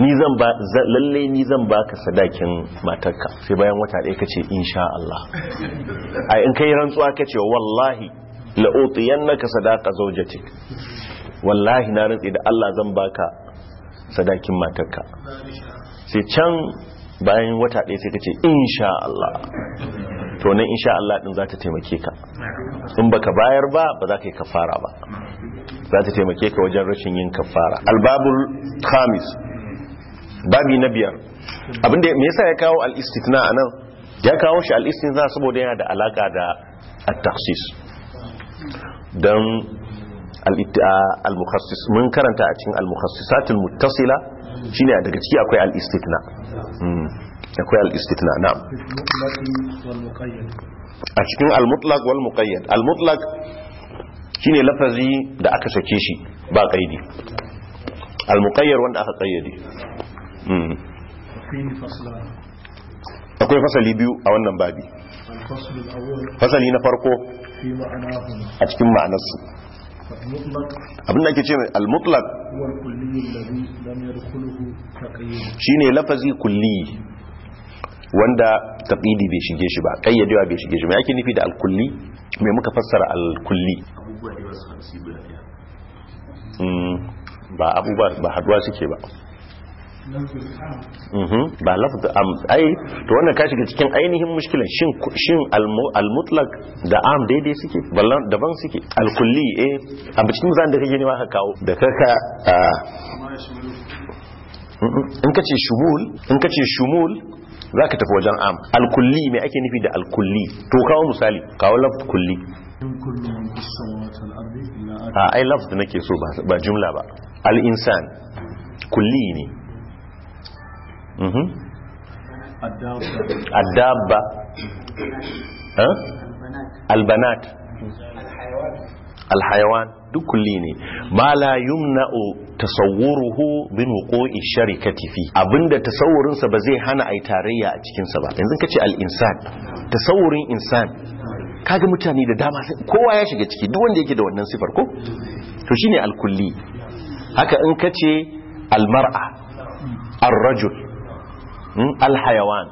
Speaker 1: ni zan ba lalle ni zan baka sadakin matarka sai bayan wata ɗaya kace insha Allah ai in kai rantsuwa kace wallahi la utiyannaka sadaqa zawjatik wallahi na rantsi da Allah zan baka sadakin matarka sai can bayan wata ɗaya sai kace insha Allah to nan insha Allah din za ta taimake ka in baka bayar ba ba za ka yi kafara ba za ta taimake ka wajen rashin yin kafara albabul khamis babi na biyar abinda me yasa ya kawo al-istithna anan ya kawo shi al-istithna saboda yana da alaka da at-takhsis dan al-mukhassis mun karanta a cikin al-mukhassisatul muttasila shine daga ciki akwai al-istithna hmm. akwai al-istithna na'am a cikin al-mutlaq wal muqayyad al-mutlaq shine lafazi da aka sake shi ba kaidi al-muqayyad wanda aka kayyade Hmm. akwai fasali biyu a wannan babi fasali na farko a cikin ma'anarsu abin da ke ce al-mutlaq shine lafazi kulli wanda taɓidi bai shige shi ba ƙayyadewa bai shige shi yake nufi da al-kulli me muka fassara al-kulli hmm. ba abubuwa ba haduwa suke ba
Speaker 3: Mhm.
Speaker 1: ba lafz am ai to wannan ka shiga cikin ainihin mushkilan shin shin al-mutlaq da am daidai suke ballan daban suke al-kulli eh a cikin zan da kake nema ka kawo da kaka in kace shumul in kace shumul za ka tafi wajen am alkulli mai ake nufi da alkulli to kawo misali kawo laft kulli a ai laft nake so ba jumla ba Al-insan kulli ne Mm-hmm. addabba albanat alhayawan duk kulli ne ma la yumna'u tasawwuruhu bin wuqu'i sharikati fi abinda tasawurin sa ba zai hana ai tarayya a cikin ba yanzu kace al insan tasawurin insan kaga mutane da dama kowa ya shiga ciki duk wanda yake da wannan sifar ko to shine al kulli haka in kace al mar'a ar rajul Hmm? alhayawan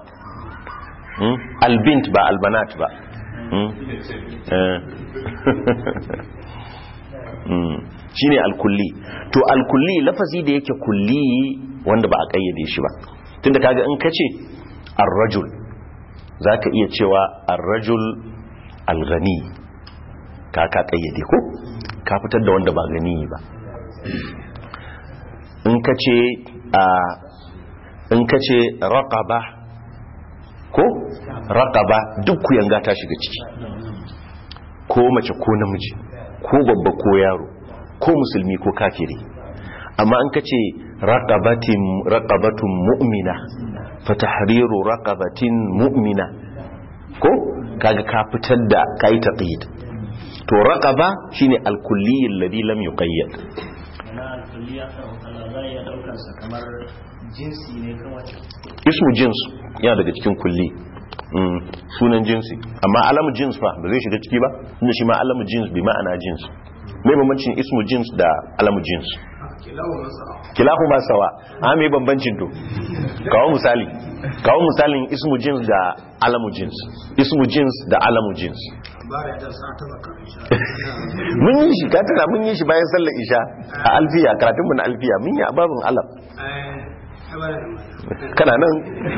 Speaker 1: hmm? albint ba albanat ba hmm? eh. Shi ne alkulli to alkulli lafazi da yake kulli wanda ba a kayyade shi ba tunda kaga in kace arrajul Za ka iya cewa arrajul alrani. ka ka kayyade ko ka fitar da wanda ba gani ba in kace a ah, in ka ce raqaba ko raqaba duk ku yanga ta shiga ciki ko mace ko namiji ko babba ko yaro ko musulmi ko kafiri amma an ka ce raqabatun mu'mina fatahriru raqabatin mu'mina ko kaga ka fitar da kai taqid to raqaba shine al-kulliyyu alladhi lam yuqayyad
Speaker 2: kamar jinsi ne
Speaker 1: ismu jins yana daga cikin kulli mm, sunan jinsi amma alamu jins fa ba zai shiga ciki ba inda shi ma alamu jins bi ma'ana jins mai bambancin ismu jins da alamu jins kilahu ma sawa a ah, mai bambancin to kawo misali kawo misalin ismu jins da alamu jins ismu jins da alamu jins mun yi shi katana mun yi shi bayan sallar isha a alfiya karatunmu na alfiya mun yi ababin alam
Speaker 4: eh. kana
Speaker 1: nan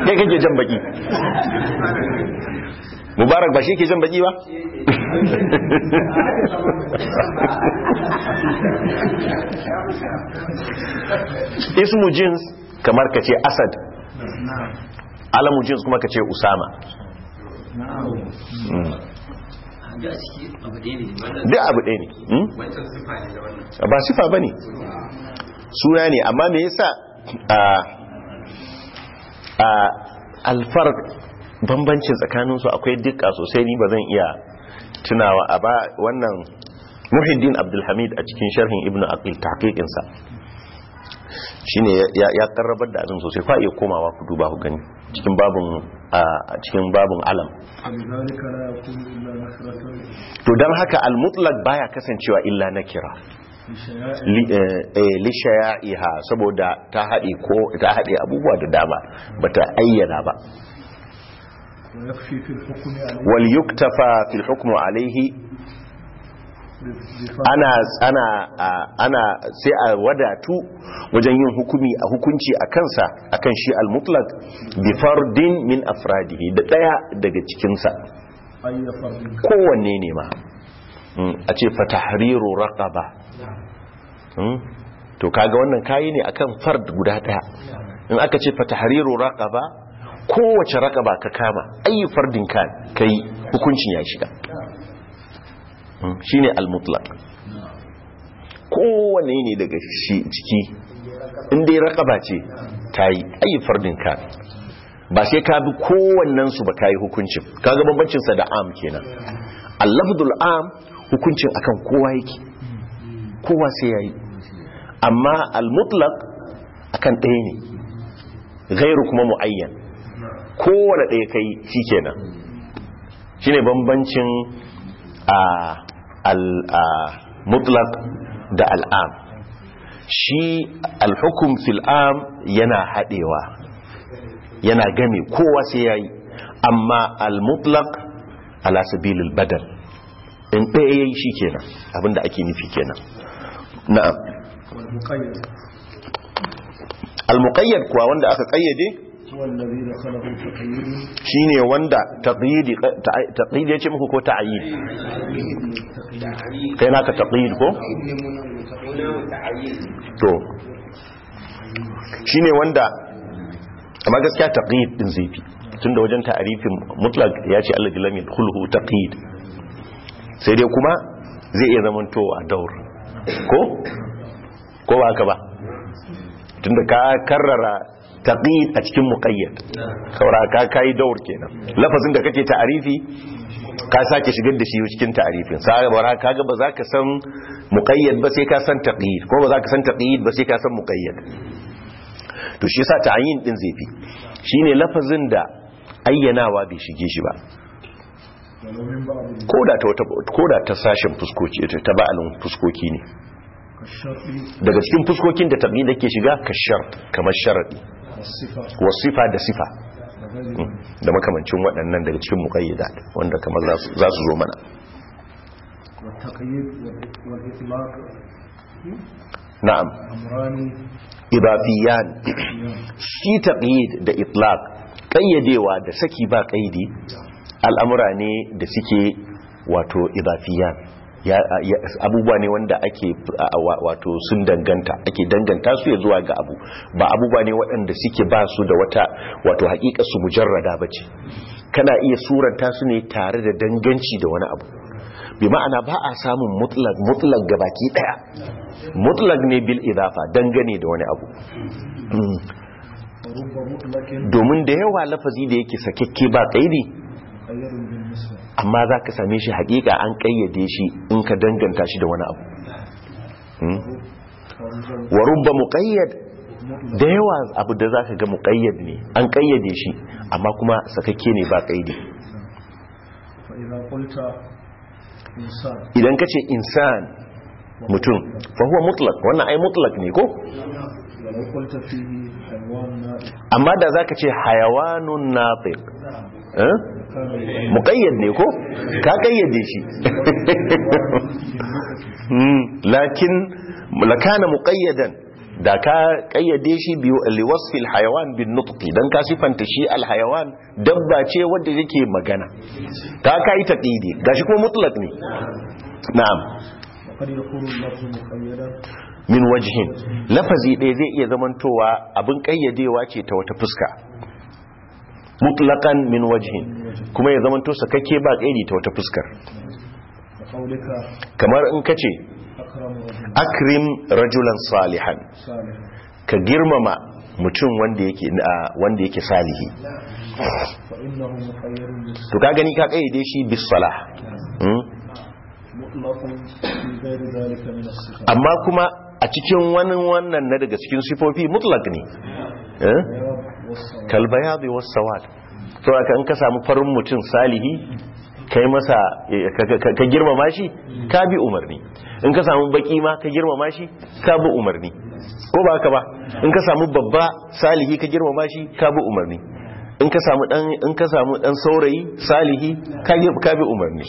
Speaker 1: kai kake jan baki mubarak ba shi ke jan baki ba ismu jins kamar ka ce asad alamu jins kuma ka ce usama hmm.
Speaker 4: duk abu ɗaya ne hmm? ba sifa ba ne
Speaker 1: suna ne amma me yasa ah, a alfar bambancin tsakanin su akwai dukka sosai ni ba zan iya tunawa a ba wannan muhiddin abdulhamid a cikin sharhin ibn aqil tahqiqinsa shine ya karrabar da abin sosai fa iya komawa ku duba ku gani cikin babun cikin babun alam to dan haka al-mutlaq baya kasancewa illa nakira Eh, lishaya'iha saboda ta haɗe abubuwa da dama bata ayyana ba wal yuktafa fil hukmu alaihi ana sai a wadatu wajen yin hukumi a hukunci a kansa akan shi al-mutlaq bi fardin min afradihi da daya daga cikinsa. kowanne ne ma hmm, a ce fa tahriru raqaba Hmm? to kaga wannan kayi ne akan fard guda daya in aka ce fa raqaba kowace raqaba ka kama ayi fardin ka kai hukuncin ya shiga hmm? shine al-mutlaq kowane ne daga shi ciki in dai raqaba ce tayi ayi fardin ka ba sai ka bi kowannen su ba kai hukuncin kaga bambancin sa da am kenan al-lafdul am hukuncin akan kowa yake kowa sai yayi amma al-mutlaq akan ɗaya ne gairu kuma mu'ayyan kowane ɗaya kai shi kenan shi bambancin al-mutlaq da al'am shi al-hukum fil'am yana haɗewa yana game kowa sai yayi amma al-mutlaq ala sabilil badal in ɗaya yayi shikenan abinda ake nufi kenan na'am al-muqayyad kuwa wanda aka kayyade shine wanda taƙidi ya ce muku ko ta'ayyid kai ka taƙidi ko? to shine wanda amma gaskiya taƙidi din zai fi tun da wajen ta'arifin mutlak ya ce allah jilamin hulhu taƙidi sai dai kuma zai iya zamantowa daur ko? ko ba haka ba tunda ka karrara taqid a cikin muqayyad saboda ka kai daur kenan lafazin da kake ta'arifi ka sake shigar da shi cikin ta'arifin ka kaga ba za ka san muqayyad ba sai ka san taqid ko ba za ka san taqid ba sai ka san muqayyad to shi yasa ta'ayin din zai fi shine lafazin da ayyanawa bai shige shi ba koda ta wata koda ta sashin fuskoki ta ba'alin fuskoki ne daga cikin fuskokin da tabi da ke shiga ka shar kamar sharaɗi wasifa da sifa hmm. da makamancin waɗannan daga cikin muƙayyada wanda kamar za su zo mana na'am ibafiyan shi tabi da itlaq kayyadewa da saki ba kaidi al'amura ne da suke wato ibafiyan abubuwa ne wanda ake wato sun danganta ake danganta su ya zuwa ga abu ba abubuwa ne waɗanda suke ba su da wata wato hakika su mujarrada ba ce kana iya suranta su ne tare da danganci da wani abu bi ma'ana ba a samun mutlak mutlak ga baki daya mutlak ne bil idafa dangane da wani abu hmm. domin da yawa lafazi da yake sakekke ba kaidi amma za ka same shi hakika an kayyade shi in ka danganta shi da wani abu hmm? wa rubba muqayyad da yawa abu da za ka ga muqayyad ne an kayyade shi amma kuma sakakke ne ba kaidi idan ka ce insan mutum fahuwa mutlak wannan ai mutlak ne ko amma da za ka ce hayawanun nafiq eh? muƙayyad ne ko ka ƙayyade shi hmm, lakin lakana muƙayyadan da ka ƙayyade shi biyu liwasfil hayawan bin nutuki don ka sifanta shi alhayawan dabba ce wadda yake magana ta ka yi ga gashi kuma mutlaq ne na'am min wajihin, lafazi ɗaya zai iya zamantowa abin ƙayyadewa ce ta wata fuska mutlaqan min wajhin kuma ya zamanto sakakke ba kaidi ta wata fuskar kamar in kace akrim rajulan salihan ka girmama mutum wanda yake wanda yake salihi to ka gani ka kaide shi bis salah hmm? amma kuma a cikin wani wannan na daga cikin sifofi mutlaq ne eh? kalbayadi was-sawad to aka an ka samu farin mutum salihi kai masa ka girmama shi ka bi umarni in ka samu baki ma ka girmama shi ka bi umarni ko ba haka ba in ka samu babba salihi ka girmama shi ka bi umarni in ka samu dan in ka samu dan saurayi salihi ka bi ka bi umarni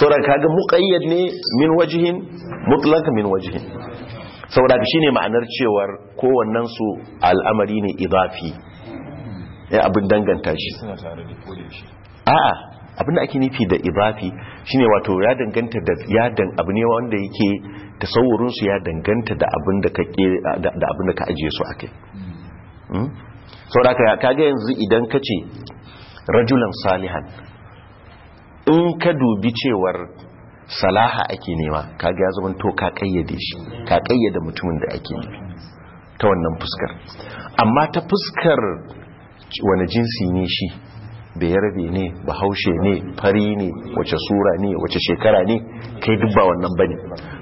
Speaker 1: saboda kaga muqayyad ne min wajhin mutlaq min wajhin saboda shine ma'anar cewar kowannen su al'amari ne idafi ya abin danganta shi a'a abin da ake nufi da ibafi shine wato ya danganta da ya abu ne wanda yake tasawurinsu ya danganta da abin da ka da abin da ka ajiye su akai hmm? saboda ka kaga yanzu idan kace ce rajulan salihan in ka dubi cewar salaha ake nema kaga ya zama to ka kayyade shi ka kayyade mutumin da ake nufi ta wannan fuskar amma ta fuskar wani jinsi ne shi bayarabe ne bahaushe ne fari ne wace sura ne wace shekara ne kai wannan ba wannan bane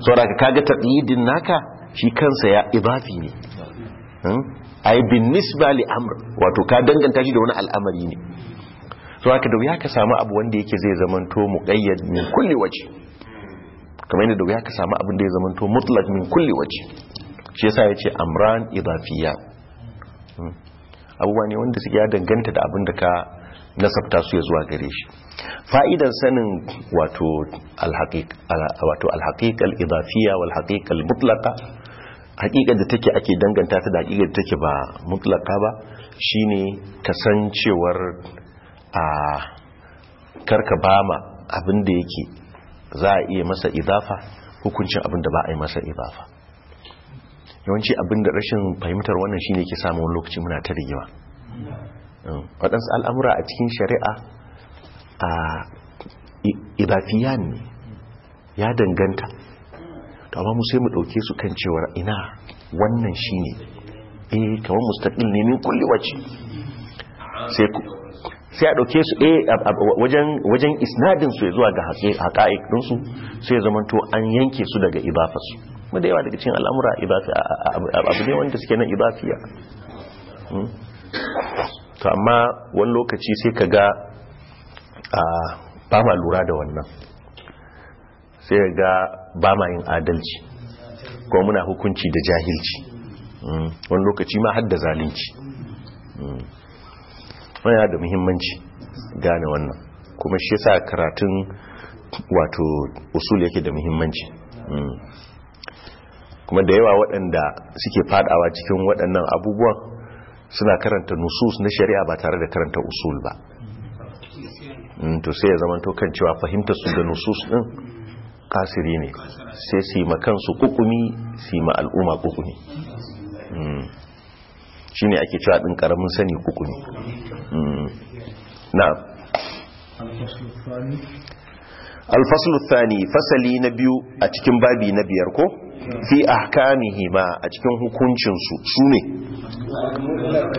Speaker 1: saboda ka kaga taqyidin naka shi kansa ya ibafi ne hmm? ai bin nisba li amr wato ka danganta shi da wani al'amari ne saboda ka da wuya ka samu abu wanda yake zai zamanto muqayyad min kulli waje kamar yadda da wuya ka samu abin da ya zamanto mutlaq min kulli waje shi yasa yace amran idafiyat hmm? abubuwa ne wanda ya danganta da abin da ka nasabta su ya zuwa gare shi fa'idan sanin wato alhaƙiƙa idafiya wa mutlaka haƙiƙar da take ake danganta ta da haƙiƙar da take ba mutlaka ba shine kasancewar a karka bama abin da yake za a iya masa idafa hukuncin abin da ba a yi masa idafa yawanci da rashin fahimtar wannan shi ne ke samun wani lokaci muna ta rigima mm. waɗansu al'amura a cikin shari'a a ya danganta to amma mu sai mu ɗauke su kan cewar ina wannan shi eh kamar kawai ne min kulli sai a ɗauke su eh, wajen isnadinsu ya zuwa ga ɗinsu sai zamanto an yanke su daga ibafarsu kuma da yawa daga cikin al'amura abu ne wanda suke nan ibafiya hmm? to amma wani lokaci sai ka ga ba ma lura da wannan sai ka ga ba ma yin adalci ko muna hukunci da jahilci hmm? wani lokaci ma har zalunci hmm? wani da muhimmanci gane wannan kuma shi sa karatun wato usul yake da muhimmanci kuma da yawa waɗanda suke fadawa cikin waɗannan abubuwan suna karanta nusus na shari'a ba tare da karanta usul ba mm, to sai ya zama kan cewa fahimtar su da nusus ɗin? kasiri ne sai su yi makansu kukumi su yi ma al'umma kukumi mm. shi ne ake cewa ɗin ƙaramin sani kukumi mm. na alfaslu thani fasali na biyu a cikin babi na biyar ko fi ahkamihi ma a cikin hukuncinsu su ne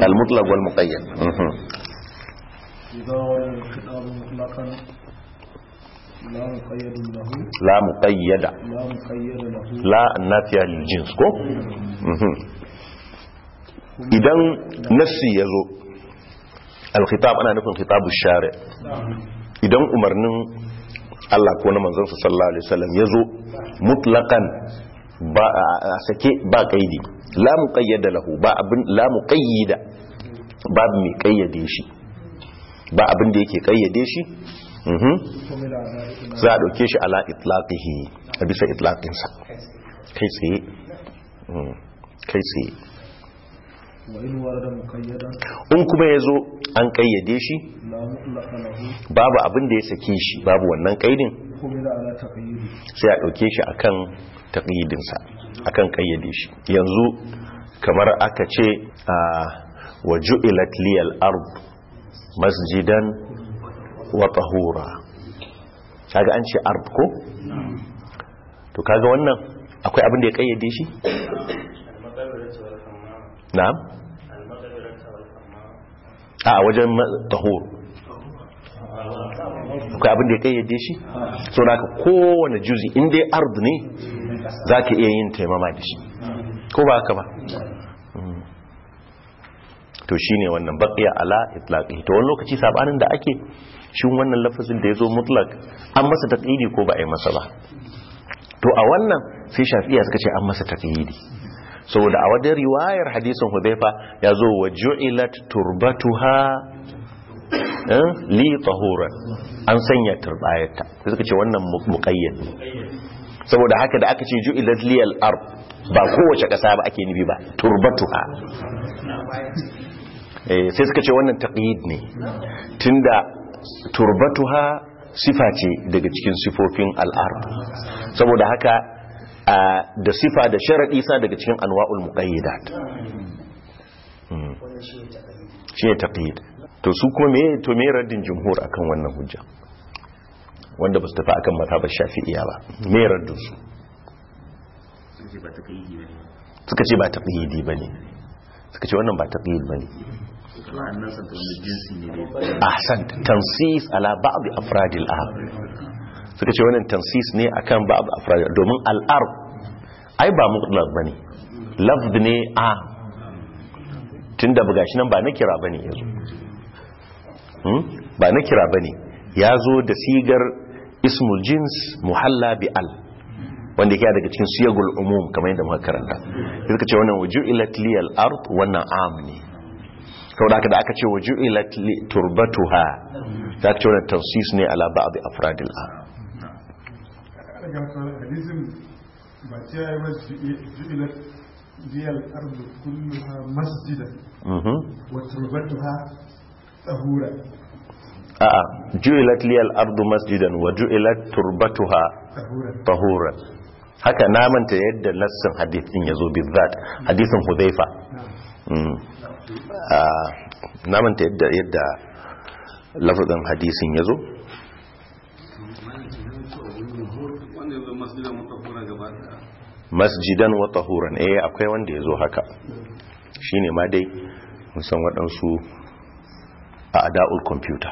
Speaker 1: al-mutlaq wal muqayyad mhm. la muqayyada la nafiya lil jins ko mhm. idan nassi yazo al-khitab ana nufin khitabu shari idan umarnin Allah ko na manzon sallallahu alaihi wasallam yazo mutlaqan ba a sake ba kaidi la muqayyada lahu ba abin la muqayyida babu mai kayyade shi ba abin da yake kayyade shi mhm. za a dauke shi ala itlaqihi a bisa itlaqin sa kai tsaye mhm. kai tsaye in kuma ya zo an kayyade shi babu abin da ya sake shi babu wannan kaidin sai a dauke shi akan taƙidinsa akan kayyade shi yanzu kamar aka ce wa ju'ilat liyal ard masjidan wa tahura kaga an ce ard ko to kaga wannan akwai abin da ya kayyade shi na'am a wajen tahur
Speaker 4: akwai
Speaker 1: abin da ya kayyade shi so na ka kowane juzi in dai ardu ne za ka iya yin taimama da shi ko ba haka ba hmm. to shi ne wannan baƙiya ala itlaƙi to wani lokaci sabanin da ake shi wannan lafazin da ya zo mutlak an masa taƙidi ko ba a yi masa ba to a wannan sai shafiya suka ce an masa taƙidi saboda a wadda riwayar hadisin hudaifa ya zo wa ju'ilat turbatuha Eh? li tahura an sanya turbayarta suka ce wannan muqayyad saboda haka da aka ce ila liyal ard ba kowace kasa ba ake nibi ba turbatuha eh, sai suka ce wannan taqyid ne tunda turbatuha sifa ce daga cikin sifofin al-ard saboda haka da sifa da sharadi sa daga cikin anwa'ul muqayyidat hmm. shi ne taqyid to su kuma me to me raddin jumhur akan wannan hujja wanda ba su tafi akan mazhabar shafi'iyya ba me raddin su suka ce ba ta qiyidi bane suka ce wannan ba ta qiyidi bane ahsan tansis ala ba'd afrad al-am suka ce wannan tansis ne akan ba'd afrad domin al-arb ai ba mutlaq bane lafz ne a tunda bugashi nan ba na kira bane yanzu Hmm? ba na kira ba ne ya zo da sigar ismul jins muhalla bi al wanda yake daga cikin siyagul umum kamar yadda muka karanta sai ka ce wannan wujuilat liyal ard wannan am ne saboda haka da aka ce wujuilat li turbatuha za ka ce wannan tansis ne ala ba'd afradil am
Speaker 3: ba ce ya yi liyal ard kulluha masjidan wa turbatuha
Speaker 1: a'a ju'ilat liyal ardu masjidan wa ju'ilat turbatuha tahuran haka namanta yadda nassin hadithin yazo bizzat hadithin hudhaifa mm. namanta yadda yadda lafazin hadisin yazo masjidan wa tahuran eh akwai wanda yazo haka shine ma dai mun san waɗansu a ada'ul computer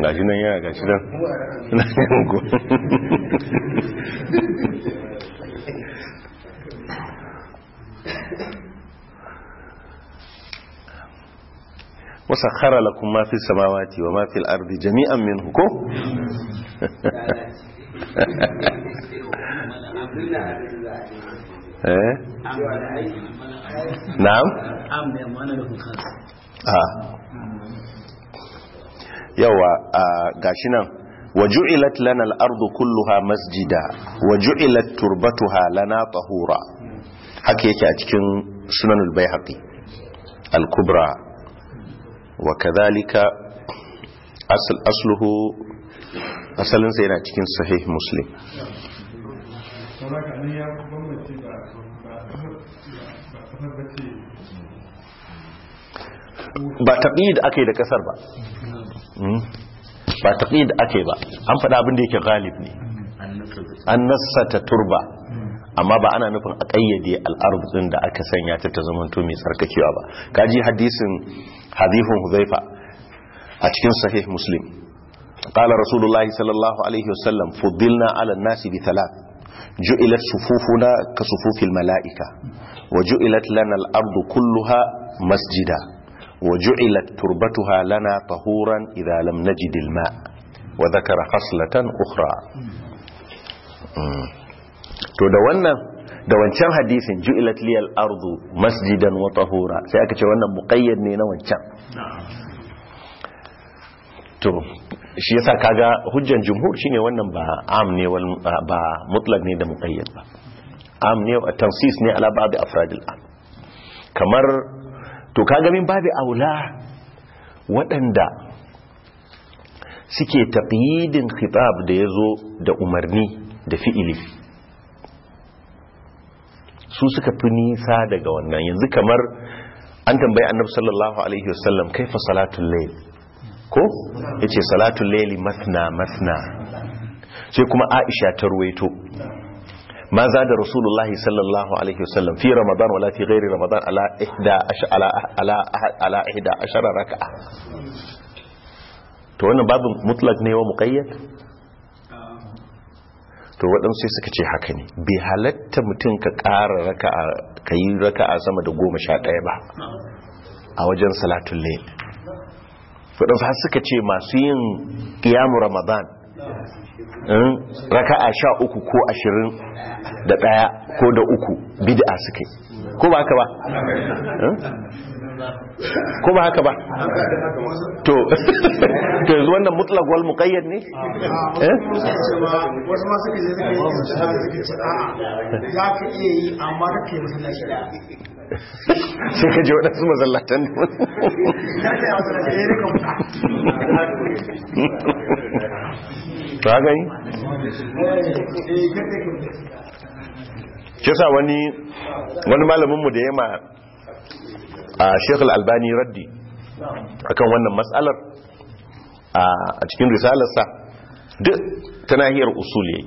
Speaker 4: gashi nan yana gashi nan
Speaker 1: وسخر لكم ما في السماوات وما في الأرض جميعا منه كو ايه na'am yawa gashi nan waju'ilat lana al-ardu kulluha masjida waju'ilat tuha lana tahura haka yake a cikin sunan al-baihaqi al-kubra wa kadhalika asluhu yana cikin sahih muslim ba taɓi da aka yi da ƙasar ba hmm? ba taɓi da aka yi ba an faɗa abin da yake galib ne an nasata turba amma ba ana nufin a ƙayyade al'arzikin da aka sanya ta ta zamanto mai tsarkakewa ba kaji hadisin hadifin huzaifa a cikin sahih muslim قال رسول الله صلى الله عليه وسلم فضلنا على الناس بثلاث جئلت صفوفنا كصفوف الملائكة وجعلت لنا الأرض كلها مسجدا وجعلت تربتها لنا طهورا إذا لم نجد الماء وذكر خصلة أخرى to da wannan da wancan hadisin ju'ilat liyal ardu masjidan wa tahura sai aka ce wannan muqayyad ne na wancan to shi yasa kaga hujjan jumhur shine wannan ba am ne wal ba mutlaq ne da muqayyad ba am ne a tansis ne ala babu afradil am kamar to kaga min babu aula waɗanda suke taqyidin khitab da ya zo da umarni da fi'ili su suka fi nisa daga wannan yanzu kamar an tambayi annabi sallallahu alaihi wasallam kaifa salatul layl ko yace salatul layli masna masna sai kuma aisha ta ruwaito ما زاد da rasulullahi sallallahu alaihi عليه fi ramadan wala fi في غير رمضان على على على to wannan babu mutlak ne wa muqayyad to waɗansu suka ce haka ne bai halatta mutum ka ƙara raka'a ka yi raka'a sama da goma sha ɗaya ba a wajen salatun layl waɗansu har suka ce masu yin ƙiyamu ramadan Raka a sha uku ko ashirin da ɗaya ko da uku bid'a suka yi ko ba haka ba ko ba haka ba to to yanzu wannan mutlaq wal muqayyad ne eh
Speaker 4: wasu ma suke zai zai za ka iya yi amma kake musulunci da sai ka je waɗansu mazallatan ta gani?
Speaker 1: kisa wani wani malaminmu da ya ma a shekul albani raddi akan wannan matsalar a cikin risalarsa duk tana hiyar usul yayi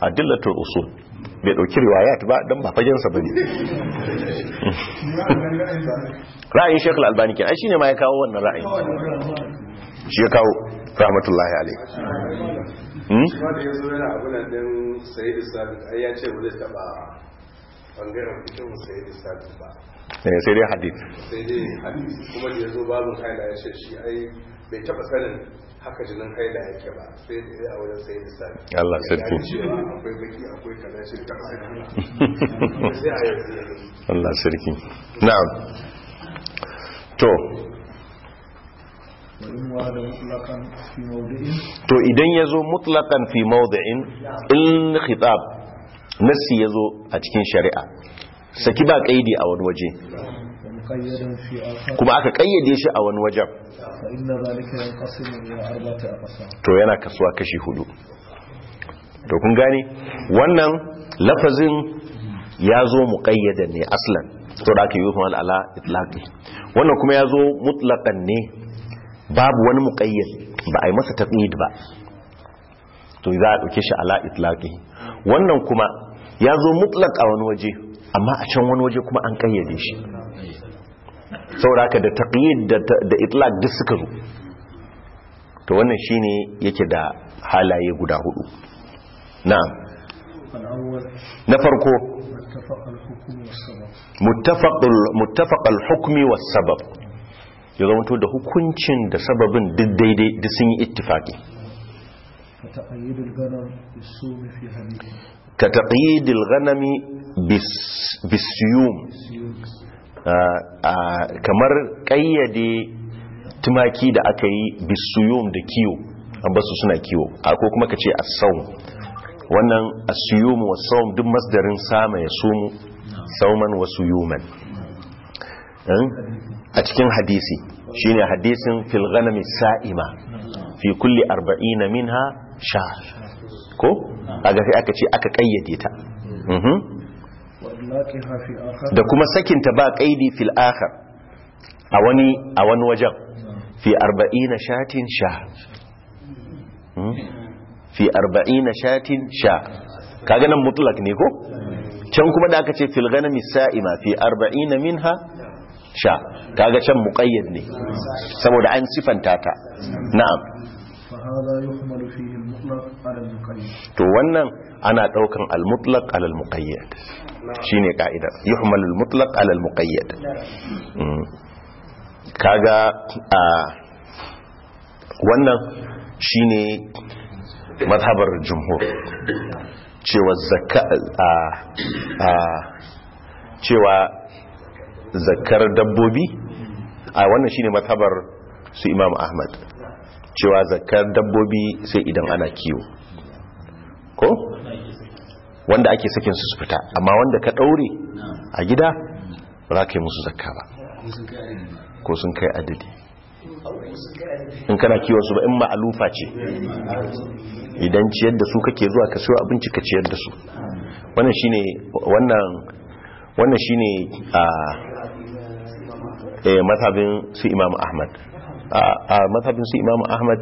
Speaker 1: a dillatar usul bai dauki riwayat ba dan ba fagen sa bane ra'ayin Sheikh albani albani kenan shine ma ya kawo wannan ra'ayi shi ya kawo rahmatullahi alaihi ya hmm? eh,
Speaker 3: sai kuma da yazo babu kai ce shi ai bai taba sanin haka jinin haida yake da a wajen Sayyid Allah sarki
Speaker 1: Allah sarki na'am to to idan ya zo mutlakan fi mawda'in in khitab nassi ya zo a cikin shari'a saki ba kaidi a wani waje kuma aka kayyade shi a wani wajen to yana kasuwa kashi hudu to kun gane wannan lafazin ya zo muqayyadan ne aslan to da aka yi kuma ala itlaqi wannan kuma ya zo mutlaqan ne babu wani muqayyad ba a yi masa taqyid ba to za a dauke shi ala itlaqi wannan kuma ya zo mutlaq a wani waje amma a can wani waje kuma an kayyade shi saboda ka da taqyid da itlaq duk suka zo to wannan shine yake da halaye guda hudu na'am na farko muttafaq al-hukmi wa sabab ya zama da hukuncin da sababin duk daidai duk sun yi ittifaqi ka taqyidil ghanami bisiyum ah, ah, kamar ƙayyade tumaki da aka yi bisiyum da kiwo an suna kiwo ko kuma ka ce a wannan asiyumu wa saum duk masdarin sama ya sumu sauman wa suyuman hmm? a cikin hadisi shine hadisin fil ghanami sa'ima fi kulli 40 minha sha. ko a sai aka ce aka kayyade ta hmm?
Speaker 2: da kuma sakinta
Speaker 1: ba kaidi fil akhar a wani wajen fi arba'ina shatin sha. Hmm? fi arba'ina shatin sha kaga nan mutlak ne ko can kuma da aka ce fil ghanami sa'ima fi arba'ina minha sha kaga can muqayyad ne saboda an sifanta ta na'am to wannan ana daukan al mutlaq ala al muqayyad shine kaida yuhmal al mutlaq ala al muqayyad mm. kaga a ah, wannan shine mazhabar jumhur cewa zakka a a cewa zakkar dabbobi a wannan shine mazhabar su imam ahmad cewa zakkar dabbobi sai idan ana kiwo ko wanda ake sakin su fita amma wanda ka daure a gida ba za ka yi musu zakka ba ko sun kai adadi in kana kiwon su ba in ma'alufa ce idan ciyar da su kake zuwa ka siyo abinci ka ciyar da su wannan shine wannan wannan shine a eh mazhabin su Imam Ahmad a mazhabin su Imam Ahmad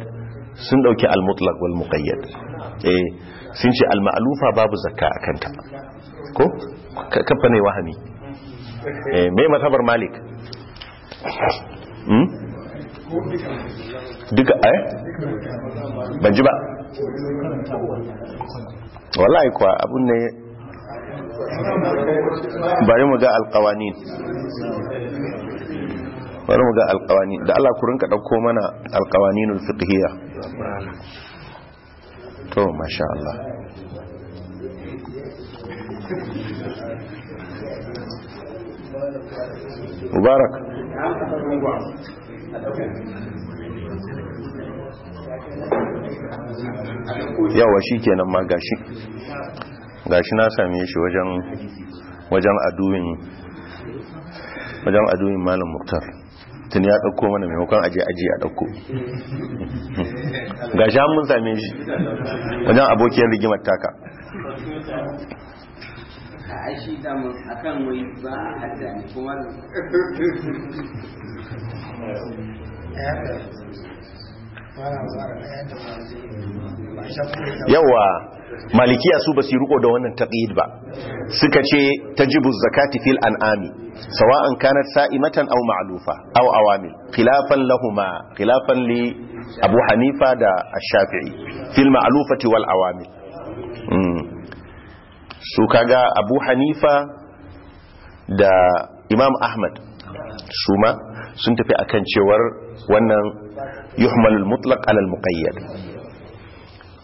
Speaker 1: sun dauki al-mutlaq wal muqayyad eh sun ce al-ma'lufa babu zakka akan ta ko kafa ne wahami eh me mazhabar Malik hmm
Speaker 2: duka ai eh? ban ji ba
Speaker 1: wallahi kuwa abun ne bari mu ga alkawani bari mu ga alkawani da Allah kurin ka dauko mana alkawaninul fiqhiyya to masha Allah mubarak yawa shi kenan ma gashi gashi na same shi wajen aduyin aduwin wajen aduwin malam muktar tun ya ɗauko mana maimakon ajiye ajiye a ɗauko gashi an mun same shi wajen abokiyar rigimar taka
Speaker 4: a damar akan wai ba a kuma
Speaker 1: yawa malikiya su ba su riko da wannan taqid ba suka ce tajibu zakati fil an'ami sawa'an kanat sa'imatan aw ma'lufa aw awamil khilafan lahumma khilafan li abu hanifa da ash-shafi'i fil ma'lufati wal awamil hmm. su kaga abu hanifa da imam ahmad ma sun tafi akan cewar wannan yuhmalul mutlaq alal muqayyad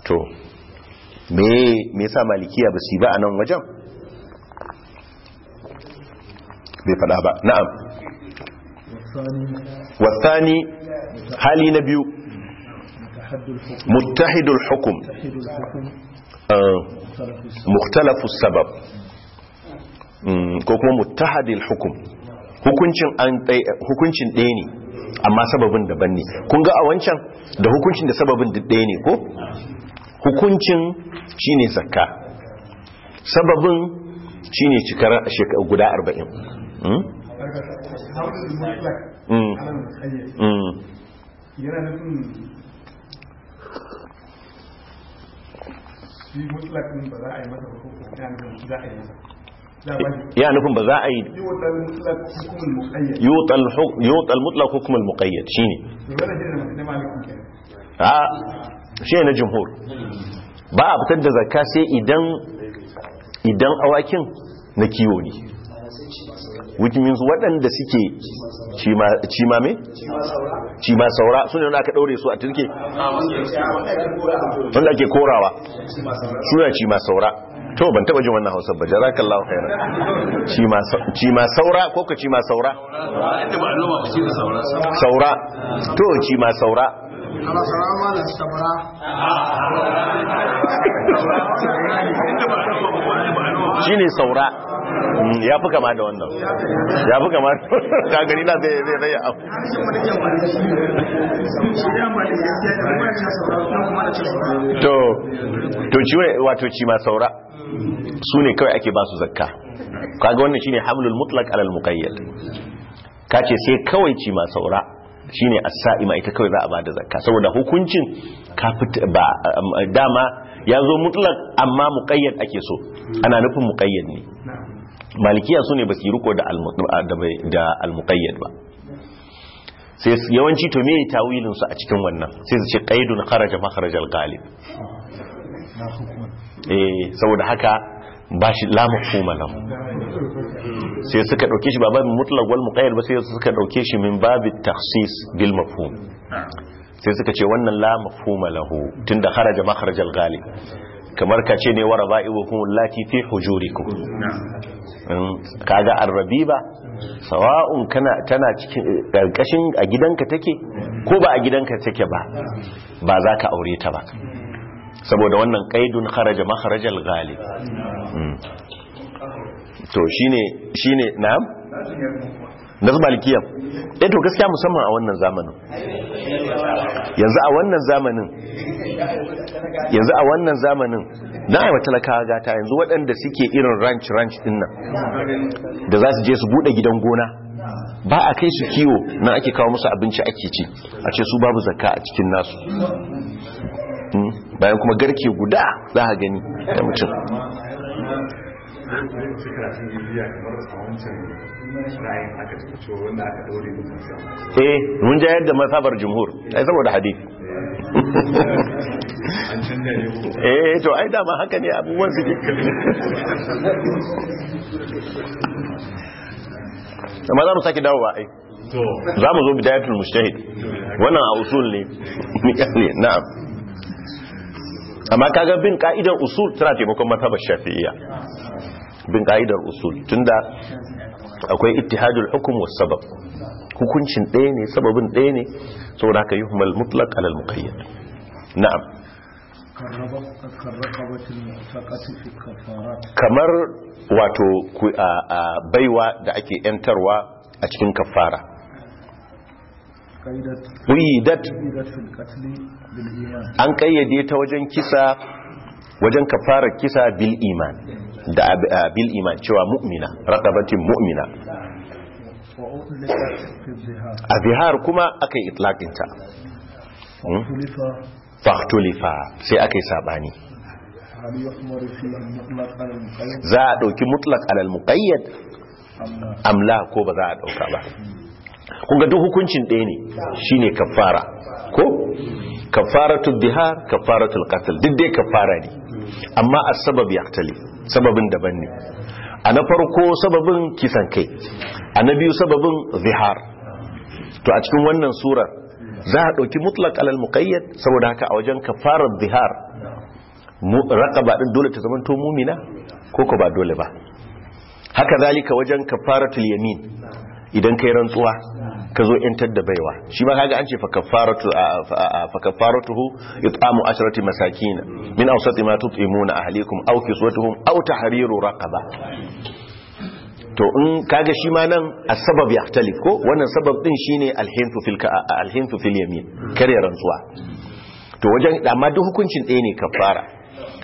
Speaker 1: to me me yasa malikiya ba su ba a wajen bai fada ba na'am wasani hali na biyu muttahidul hukum uh, mukhtalafus sabab mm, ko kuma muttahadil hukum hukuncin an ɗaya ne amma sababin daban ne kun ga a wancan da hukuncin da sababin ɗaya ne ko hukuncin shine zakka sababin shine cikar guda arba'in hmm? Hmm.
Speaker 3: Hmm. shi mutlak ba za a yi masa hukuku ya nufin za a yi masa
Speaker 1: ya nufin ba za a yi yutal mutlaq hukumar al Shi ne. a shi na jihun. ba a fitar da zakka sai idan awakin na kiwo ne which means waɗanda suke cimame cima saura su ne wanda aka ɗaure su a turke wanda ake korawa suna cima saura to ban taba jin wannan hausa ba jazakallahu khairan ci ma saura ko ka ci ma saura saura to ci ma saura shi ne saura mm, ya fi kama da wannan ya fi kama da gani na zai zai zai abu to to ciwe wato ci ma saura su ne kawai ake ba su zakka kaga wannan shine hablul mutlaq alal muqayyad kace sai kawai ci ma saura shine as-sa'ima ita kawai za a bada zakka saboda hukuncin ka ba dama ya zo mutlaq amma muqayyad ake so ana nufin muqayyad ne malikiya su ne ba su riko da al-muqayyad ba sai yawanci to meye tawilin su a cikin wannan sai su ce qaidun kharaja makharajal ghalib eh saboda haka ba shi lamu kuma sai suka dauke shi ba babin mutlaq wal muqayyad ba sai suka dauke shi min babit takhsis bil mafhum sai suka ce wannan la mafhuma lahu tunda kharaja makharajal ghalib kamar ka ce ne wa raba'ibukum lati fi hujurikum hmm, kaga arrabiba sawa'un kana tana cikin karkashin a gidanka take ko ba a gidanka take ba ba za ka aure ta ba saboda wannan kaidun kharaja makharajal ghalib hmm. to shine shine na'am nas malikiya eh to gaskiya musamman a wannan zamanin yanzu a wannan zamanin yanzu a wannan zamanin na aiwa talakawa gata yanzu waɗanda suke irin ranch ranch din nan da za su je su bude gidan gona ba a kai su kiwo nan ake kawo musu abinci ake ci a ce su babu zakka a cikin nasu bayan kuma garke guda za a gani da mutum eh mun jayar da masabar jumhur ai saboda hadith eh to ai dama haka ne abubuwan suke ma za mu sake dawowa ai za mu zo bidayatul mujtahid wannan a usul ne na'am amma kaga bin ka'idar usul tana taimakon matabar shafi'iyya bin ka'idar usul tunda akwai ittihadul hukum was sabab hukuncin ɗaya ne sababin ɗaya ne saboda yi yuhmal mutlaq ala alal muqayyad na'am kamar wato baiwa da ake yantarwa a cikin kafara
Speaker 2: qaidat
Speaker 1: an kayyade ta wajen kisa wajen kafarar kisa bil iman da bil iman cewa mu'mina raqabatin mu'mina a bihar kuma aka yi itlaƙinta fahtulifa sai aka yi saɓani za a ɗauki mutlak alal muƙayyad amla ko ba za a ɗauka ba kunga duk hukuncin ɗaya ne shine kafara ko kafaratul dihar kafaratul qatl duk dai kafara ne amma as-sabab yaqtali sababin daban ne a na farko sababin kisan kai a na biyu sababin zihar to a cikin wannan surar za a ɗauki mutlaq alal muqayyad saboda haka a wajen kafarar zihar raqaba din dole ta zama to mumina ko ko ba dole ba haka zalika wajen kafaratul yamin idan kai rantsuwa ka zo yantar da baiwa shi ma kaga an ce fa kafaratu fa asharati masakin min awsati ma tut'imuna ahlikum aw kiswatuhum aw tahriru raqaba to in kaga shi ma nan asbab yahtalif ko wannan sabab din shine alhintu fil fil yamin kare rantsuwa to wajen amma duk hukuncin ɗaya ne kafara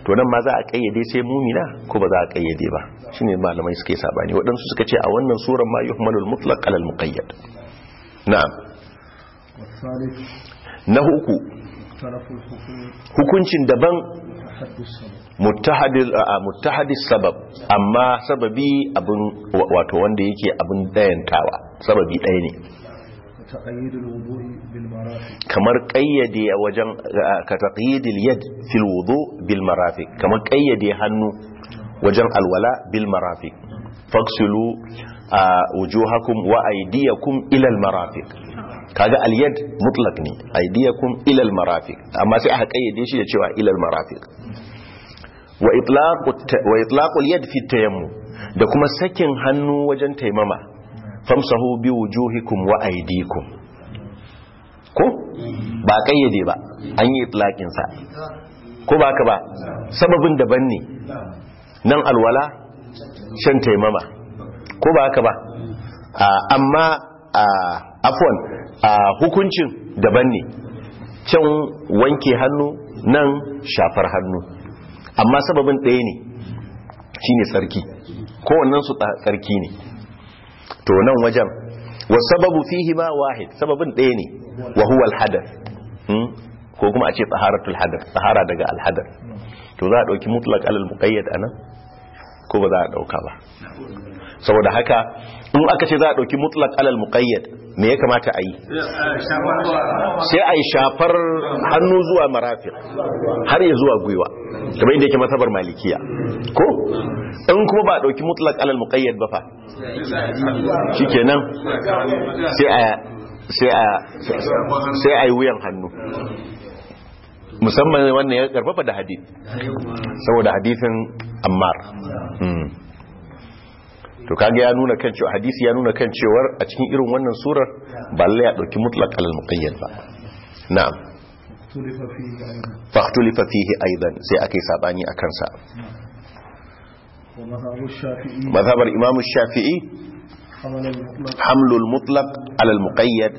Speaker 1: to nan ma za a kayyade sai mumina ko ba za a kayyade ba shine malamai suke sabani waɗansu suka ce a wannan suran ma yuhmalul mutlaq alal muqayyad na'am na hukuncin daban muttahadis sabab amma sababi abin wato wanda yake abin dayantawa sababi ɗaya ne kamar kayyade a wajen ka yad fil wudu bil marafiq kamar kayyade hannu wajen alwala bil marafiq wujuhakum wa aydiyakum ila almarafiq kaga alyad mutlaq ne aydiyakum ila almarafiq amma sai aka kayyade shi da cewa ila almarafiq wa itlaqu wa itlaqu alyad fi tayammum da kuma sakin hannu wajen taimama famsahu bi wujuhikum wa aydikum ko ba kayyade ba an yi itlaqin sa ko ba ka ba sababin daban ne nan alwala shan taimama ko ba haka ba amma afon hukuncin daban ne can wanke hannu nan shafar hannu amma sababin ɗaya ne shine tsarki wannan su tsarki ne to nan wajen wa sababu fihi ma wahid sababin ɗaya ne wa huwa alhadar hmm? ko kuma a ce tsaharatul hadar tsahara daga alhadar to za a ɗauki mutlak alal muqayyad nan? ko ba za a ɗauka ba saboda haka in aka ce za a ɗauki mutlak alal muƙayyad me ya kamata a yi sai a yi shafar hannu zuwa marafin har ya zuwa gwiwa kamar yadda yake masabar malikiya ko in kuma ba a ɗauki mutlak alal muƙayyad ba fa shi kenan sai a yi wuyan hannu musamman wannan ya karfafa da hadith saboda hadithin ammar hmm. to kaga ya nuna kan cewa hadisi ya nuna kan cewa a cikin irin wannan surar ba lalle ya dauki mutlaq al muqayyad ba na'am fahtulifa fihi aidan sai ake sabani akan sa mazhabar imam shafi'i hamlul mutlaq alal al muqayyad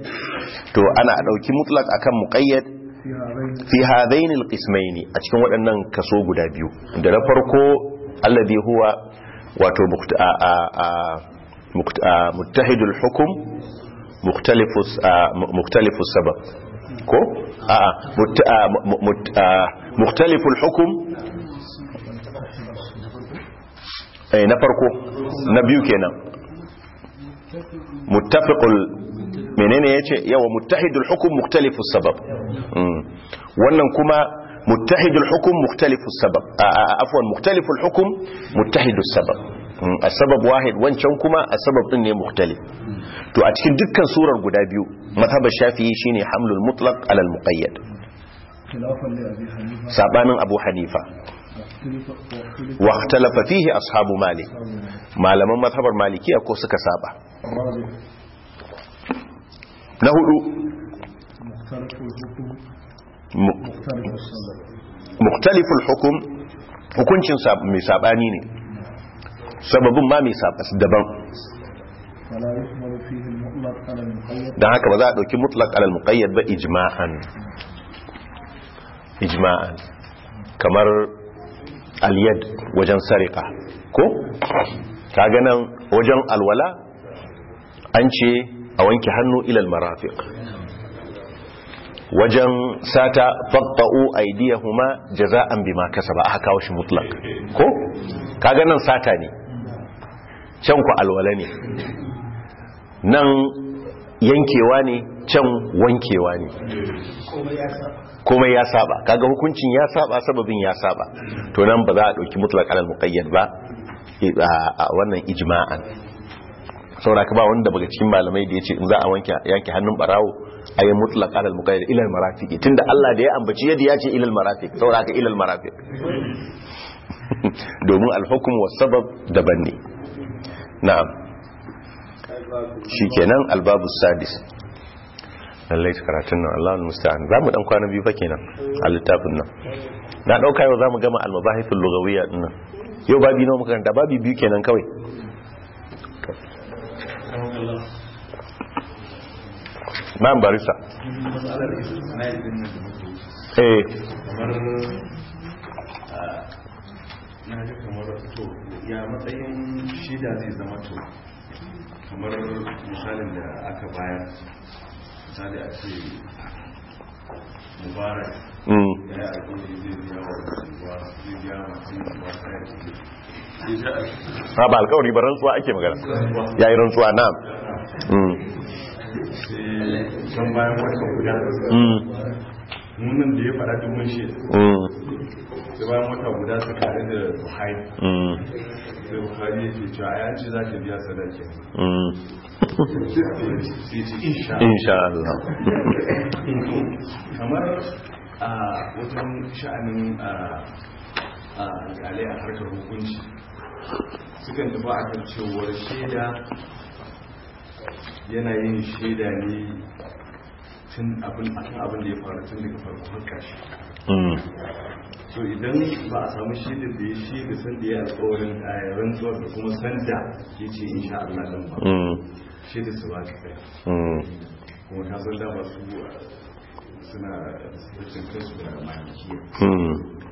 Speaker 1: to ana dauki mutlaq akan muqayyad fi hadain al qismain a cikin waɗannan kaso guda biyu da na farko alladhi huwa wato muktahidul hukum muktalifus sabab ko a'a hukum eh na farko na biyu kenan muttafiqul menene yace yawa muttahidul hukum muktalifus sabab hmm. wannan kuma muttahidul hukum mukhtalifus sabab afwan mukhtaliful hukum muttahidus sabab mm, asbab wahid wancan kuma asbab ɗin ne mukhtalif to a cikin dukkan surar guda biyu mazhab shafi'i shine hamlul mutlaq ala mukayyad.
Speaker 2: muqayyad
Speaker 1: sabanin abu hanifa واختلف فيه أصحاب مالك ما لما مذهب المالكية كو سكا سابا نهدو muktaliful hukum hukuncin mai sabani ne sababin ma mai sabas daban don haka ba za a ɗauki mutlak alal muƙayyar ba ijma'an ijima'an kamar aliyad wajen sarika ko ta ganin wajen alwala an ce a wanke hannu ilal marafiq wajen sata faqta'u aydiyahuma jaza'an bima kasaba aka kawo shi mutlak ko kaga nan sata ne can ku alwala ne nan yankewa ne can wankewa ne komai ya saba kaga hukuncin ya saba sababin ya saba to nan ba za a dauki mutlak alal muqayyad ba a wannan ijma'an saboda ka ba wanda daga cikin malamai da yace in za a wanke yanke hannun barawo ay mutlaq alal muqayyad ila al marafiq tunda Allah da ya ambaci yadda ya ce ila al marafiq saboda ilal ila al marafiq domin al hukm sabab daban ne na'am
Speaker 4: shikenan al
Speaker 1: babu sadis lallai karatun nan Allah musta'an zamu dan kwana biyu fa kenan a littafin nan na dauka yau zamu gama al mabahithul lugawiyya din nan yau babi nawa muka ganta babi biyu kenan kawai na'am barista eh
Speaker 3: na ji kamar to ya matsayin shida zai zama to kamar misalin da aka bayar misali a ce mubarak ya yi alkawari zai biya wa zai biya mutum da ba sa ba alkawari ba rantsuwa ake magana ya yi rantsuwa na
Speaker 4: can mm.
Speaker 3: mm. bayan wata guda munan da ya fara dumin shi sai bayan wata guda su kare da buhari sai mm. buhari ya ke cewa ya ce za ka biya sadaki sai ce insha Allah kamar a wajen sha'anin alƙalai a harkar hukunci sukan tafi a kan cewar shaida Yanayin yin shaida ne tun abin akan abin da ya fara tun daga farko har kashi mm. so idan ba a samu shaida da ya shi da san da ya alƙawarin ayaran zuwa da kuma sanda ya ce in sha Allah dan ba mm. shaida su ba ta kai mm. kuma ta san ba su suna rikin kansu da malikiya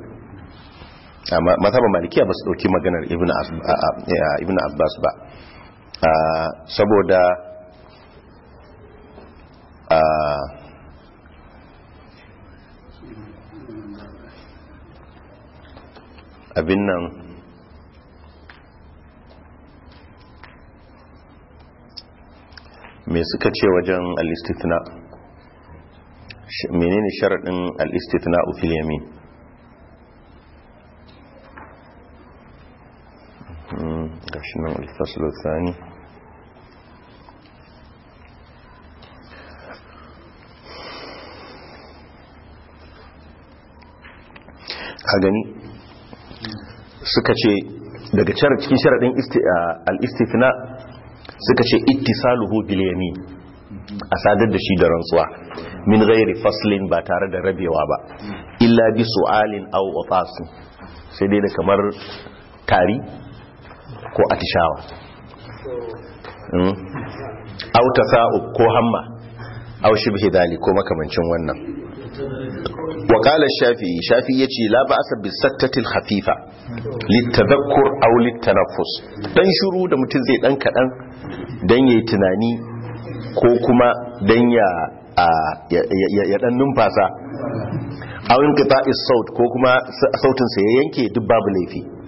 Speaker 1: ba malikiya ba su dauki maganar ibn abbas ba saboda abin nan me suka ce wajen al menene sharaɗin al-istithna قشنا الفصل الثاني gani suka ce daga cikin sharaɗin al-istifna suka ce ittisaluhu bil a sadar da shi da rantsuwa min ghairi faslin ba tare da rabewa ba illa bi su'alin aw wafasin sai dai da kamar tari ko atishawa hmm? au tasa'ub ko hamma au shibhi dali ko makamancin wannan wa qala shafi'i shafi yace la ba'sa bis sattatil khafifa litadhakkur aw litanaffus dan shiru da mutum zai dan kadan dan yayi tunani ko kuma dan ya ya dan numfasa awin qita'is saut ko kuma sautin sa ya yanke duk babu laifi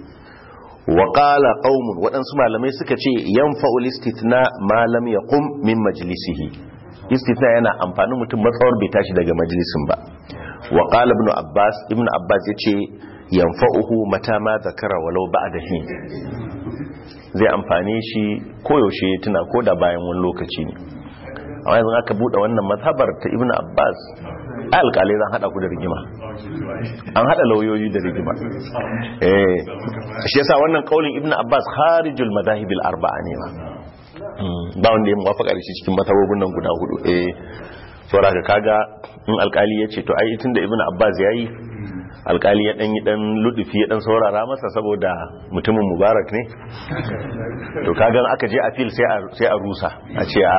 Speaker 1: Waƙala qala waɗansu malamai suka ce yanfa'u istithna ma lam yaqum min majlisihi istithna yana amfani mutum matsawar bai tashi daga majalisin ba wa qala ibn abbas ibn abbas yace yanfa'uhu mata ma zakara walau ba'da hin zai amfane shi koyaushe tana tuna ko da bayan wani lokaci ne amma yanzu aka bude wannan mazhabar ta ibn abbas alkalai zan hada ku da rigima an hada lauyoyi da rigima eh shi yasa wannan kaulin ibn abbas kharijul al arba'a ne ba hmm, ba wanda ya muwafaka da shi cikin matabobin nan guda hudu eh to raka kaga in alkali ya ce to ai tunda ibn abbas yayi alkali ya dan yi dan ludufi ya dan saurara masa saboda mutumin mubarak ne to kaga aka je fil sai a sai a rusa a ce a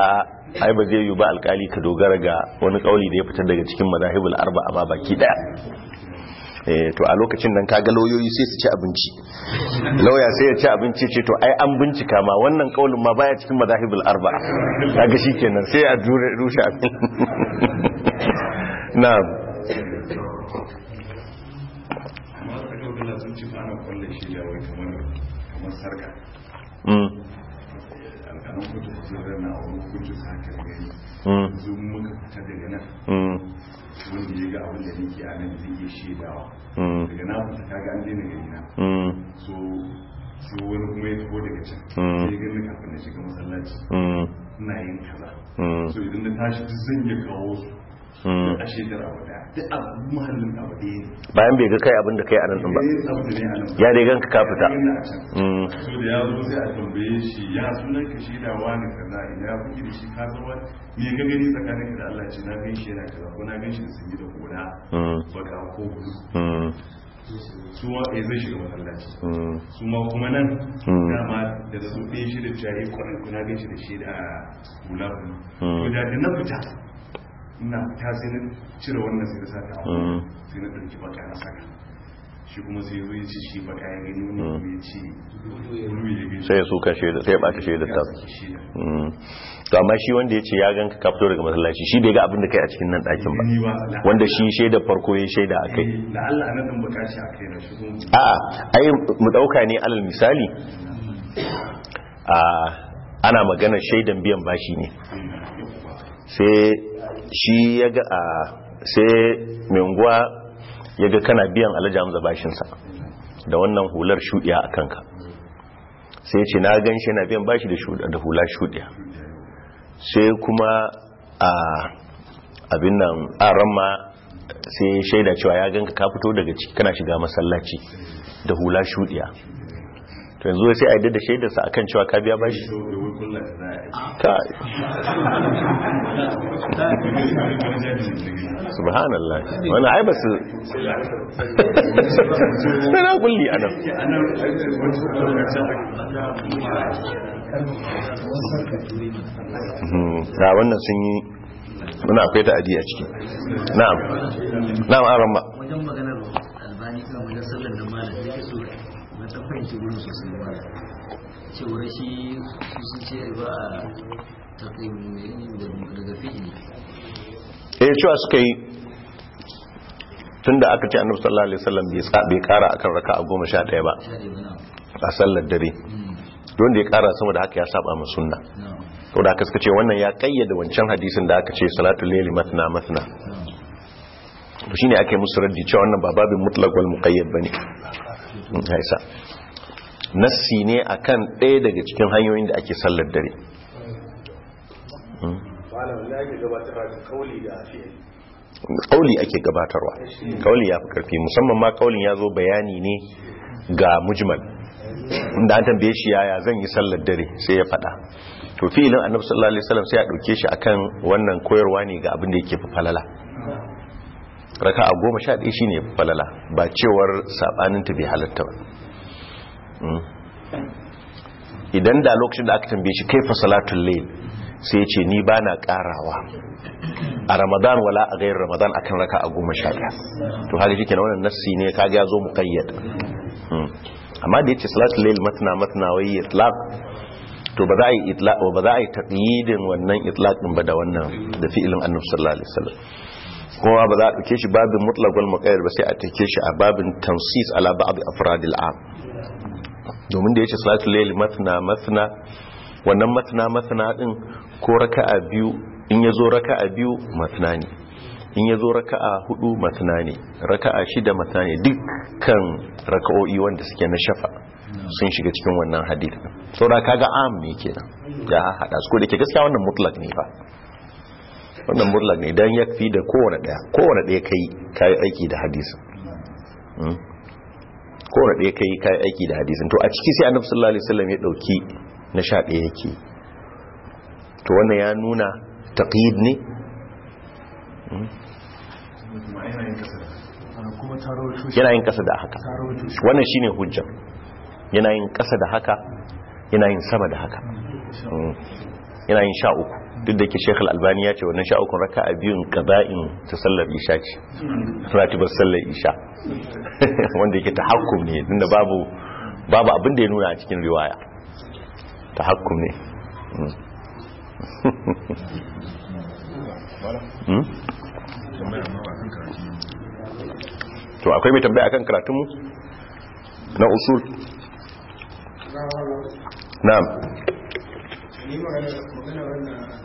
Speaker 1: ai ba zai yi ba alkali ka dogara ga wani kauli da ya fitar daga cikin mazahibul arba a baki daya eh, to a lokacin nan kaga lauyoyi sai su ci abinci lauya sai ya ci abinci ce to ai an bincika ma wannan kaulin ma baya cikin mazahibul arba kaga shikenan sai a dure rusha abin
Speaker 3: Mm. magana a wani hukuncin sa ta gari hmm. yanzu muka fita daga nan hmm. wanda ya ga abin da nake a nan zai iya shaidawa hmm. daga na fita ta ga an daina gari na so su wani kuma ya taho daga can sai gani kafin na shiga masallaci ina yin kaza so idan na tashi duk zan iya kawo su Hmm. a wata duk abu muhallin abu ɗaya
Speaker 1: bayan bai ga kai abin da kai a nan ɗin ba eh, ya dai ganka ka fita hmm.
Speaker 3: ya zo sai a tambaye shi ya sunan ka shida wani kaza ya kuke da shi ka zama ga gani tsakanin ka da Allah ce na gan shi yana kaza ko na gan shi da sun yi da gona hmm. baka ko su ma ɗaya eh, zai shiga masallaci su ma kuma nan dama da su ɗaya shi da jaye kwanan kuna gan shi da shi da hula ko da na fita ina ta sai na cire wannan sai na sa ta mm. sai na ɗauki baka na saka shi kuma sai zo ya ci shi baka ya gani
Speaker 1: wani mm. kuma ya ci sai ya suka shaida sai ya bata shaida ta mm. to amma shi wanda ya ce ya ganka ka fito daga masallaci shi bai ga abin da kai a cikin nan ɗakin ba wanda shi shaida farko ya shaida a kai eh,
Speaker 3: la'alla na ɗan shi a kai na shi
Speaker 1: a'a ai mu ɗauka ne alal misali ah, ana magana shaidan biyan bashi ne eh, sai shi ya ga a sai menguwa ya ga kana biyan alhaji hamza bashinsa da wannan hular shudiya a kanka sai ce na gan shi yana biyan bashi da hula shudiya sai kuma a abin nan a ramma sai shaida cewa ya ganka ka fito daga ciki kana shiga masallaci da hula shudiya yanzu sai a yi da shaidarsa akan cewa ka biya bashi subhanallah wannan ai ba basu na kulli anan hmm. ga wannan sun yi muna akwai ta'adi a ciki na'am na'am aran ba
Speaker 3: wajen maganar albani kan wajen sallar da malam fahimci gudu sosai ba cewar shi sun ce ba a taƙaimi daga fi'ili
Speaker 1: eh cewa suka yi tun da aka ce annabi sallallahu alaihi wasallam bai kara akan a goma sha ɗaya ba a sallar dare hmm. don da ya kara sama da haka ya saba mu sunna to da aka ce wannan ya kayyade wancan hadisin da aka ce salatul layli matna matna to shine ake musu raddi cewa wannan ba babin mutlaq wal muqayyad bane haisa nassi ne akan ɗaya daga cikin hanyoyin da ake sallar dare hmm? kauli ake gabatarwa kauli ya fi karfi musamman ma kaulin ya zo bayani ne ga mujmal da an tambaye shi yaya zan yi sallar dare sai ya faɗa to filin annabi sallallahu alaihi wasallam sai ya dauke shi akan wannan koyarwa ne ga abin da yake falala raka'a 11 shine falala ba cewar sabanin ta bai halatta ba idan da lokacin da aka tambaye shi kai fasalatul layl sai ya ce ni ba na karawa a ramadan wala a gairar ramadan akan raka a goma sha ɗaya to haka shi kenan wannan nassi ne kaga ya zo mu kayyad hmm. amma da yace salatul layl matna matna wai itlaq to ba za a yi itlaq ba za a yi taqyidin wannan itlaq din ba da wannan da fi'ilin annabi sallallahu alaihi wasallam kowa ba za a dauke shi babin mutlaq wal muqayyad ba sai a take shi a babin tansis ala ba'd afradil am domin da ya ce salatu layl matna matna wannan matna matna din ko raka'a biyu in ya zo raka'a biyu matna ne in ya zo raka'a hudu matna ne raka'a shida matna ne dukkan raka'o'i wanda suke na shafa sun shiga cikin wannan hadith saboda kaga am ne kenan ya hada su ko da ke gaskiya wannan mutlak ne fa wannan mutlak ne dan yakfi da kowane daya kowane daya kai kai aiki da hadisi. Hmm? kowane ɗaya kai kayan aiki da hadisin to a ciki sai annabi sallallahu alaihi wasallam ya ɗauki na sha ɗaya yake to wannan ya nuna taqid ne hmm?
Speaker 3: yana yin kasa da haka wannan shine
Speaker 1: hujja yana yin kasa da haka yana yin sama da haka hmm. yana yin sha uku duk da ke shekhu Al-Albani ya ce wannan sha rak'a a biyun qada'in ta sallar isha ce ratibar sallar isha wanda yake tahakkum ne tunda babu babu abin da ya nuna a cikin riwaya tahakkum ne hmm. Hmm? to akwai mai tambaya akan karatunmu na usul Na
Speaker 4: ni magana
Speaker 2: wannan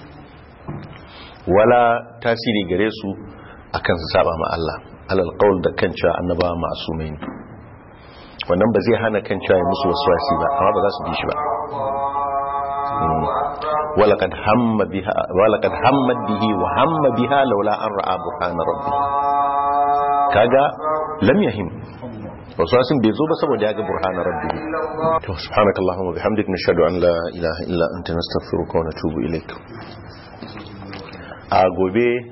Speaker 1: wala tasiri gare su akan su saba ma Allah alal qaul da kan cewa annaba masumai ne wannan ba zai hana kan cewa musu wasi ba amma ba za su bi shi ba hmm. walaqad hamma bihi wa hamma biha laula an ra'a burhana rabbi kaga lam yahim wasin bai zo ba saboda ya ga burhana rabbi to subhanakallahumma bihamdika nashhadu an la ilaha illa anta nastaghfiruka wa natubu ilaik a gobe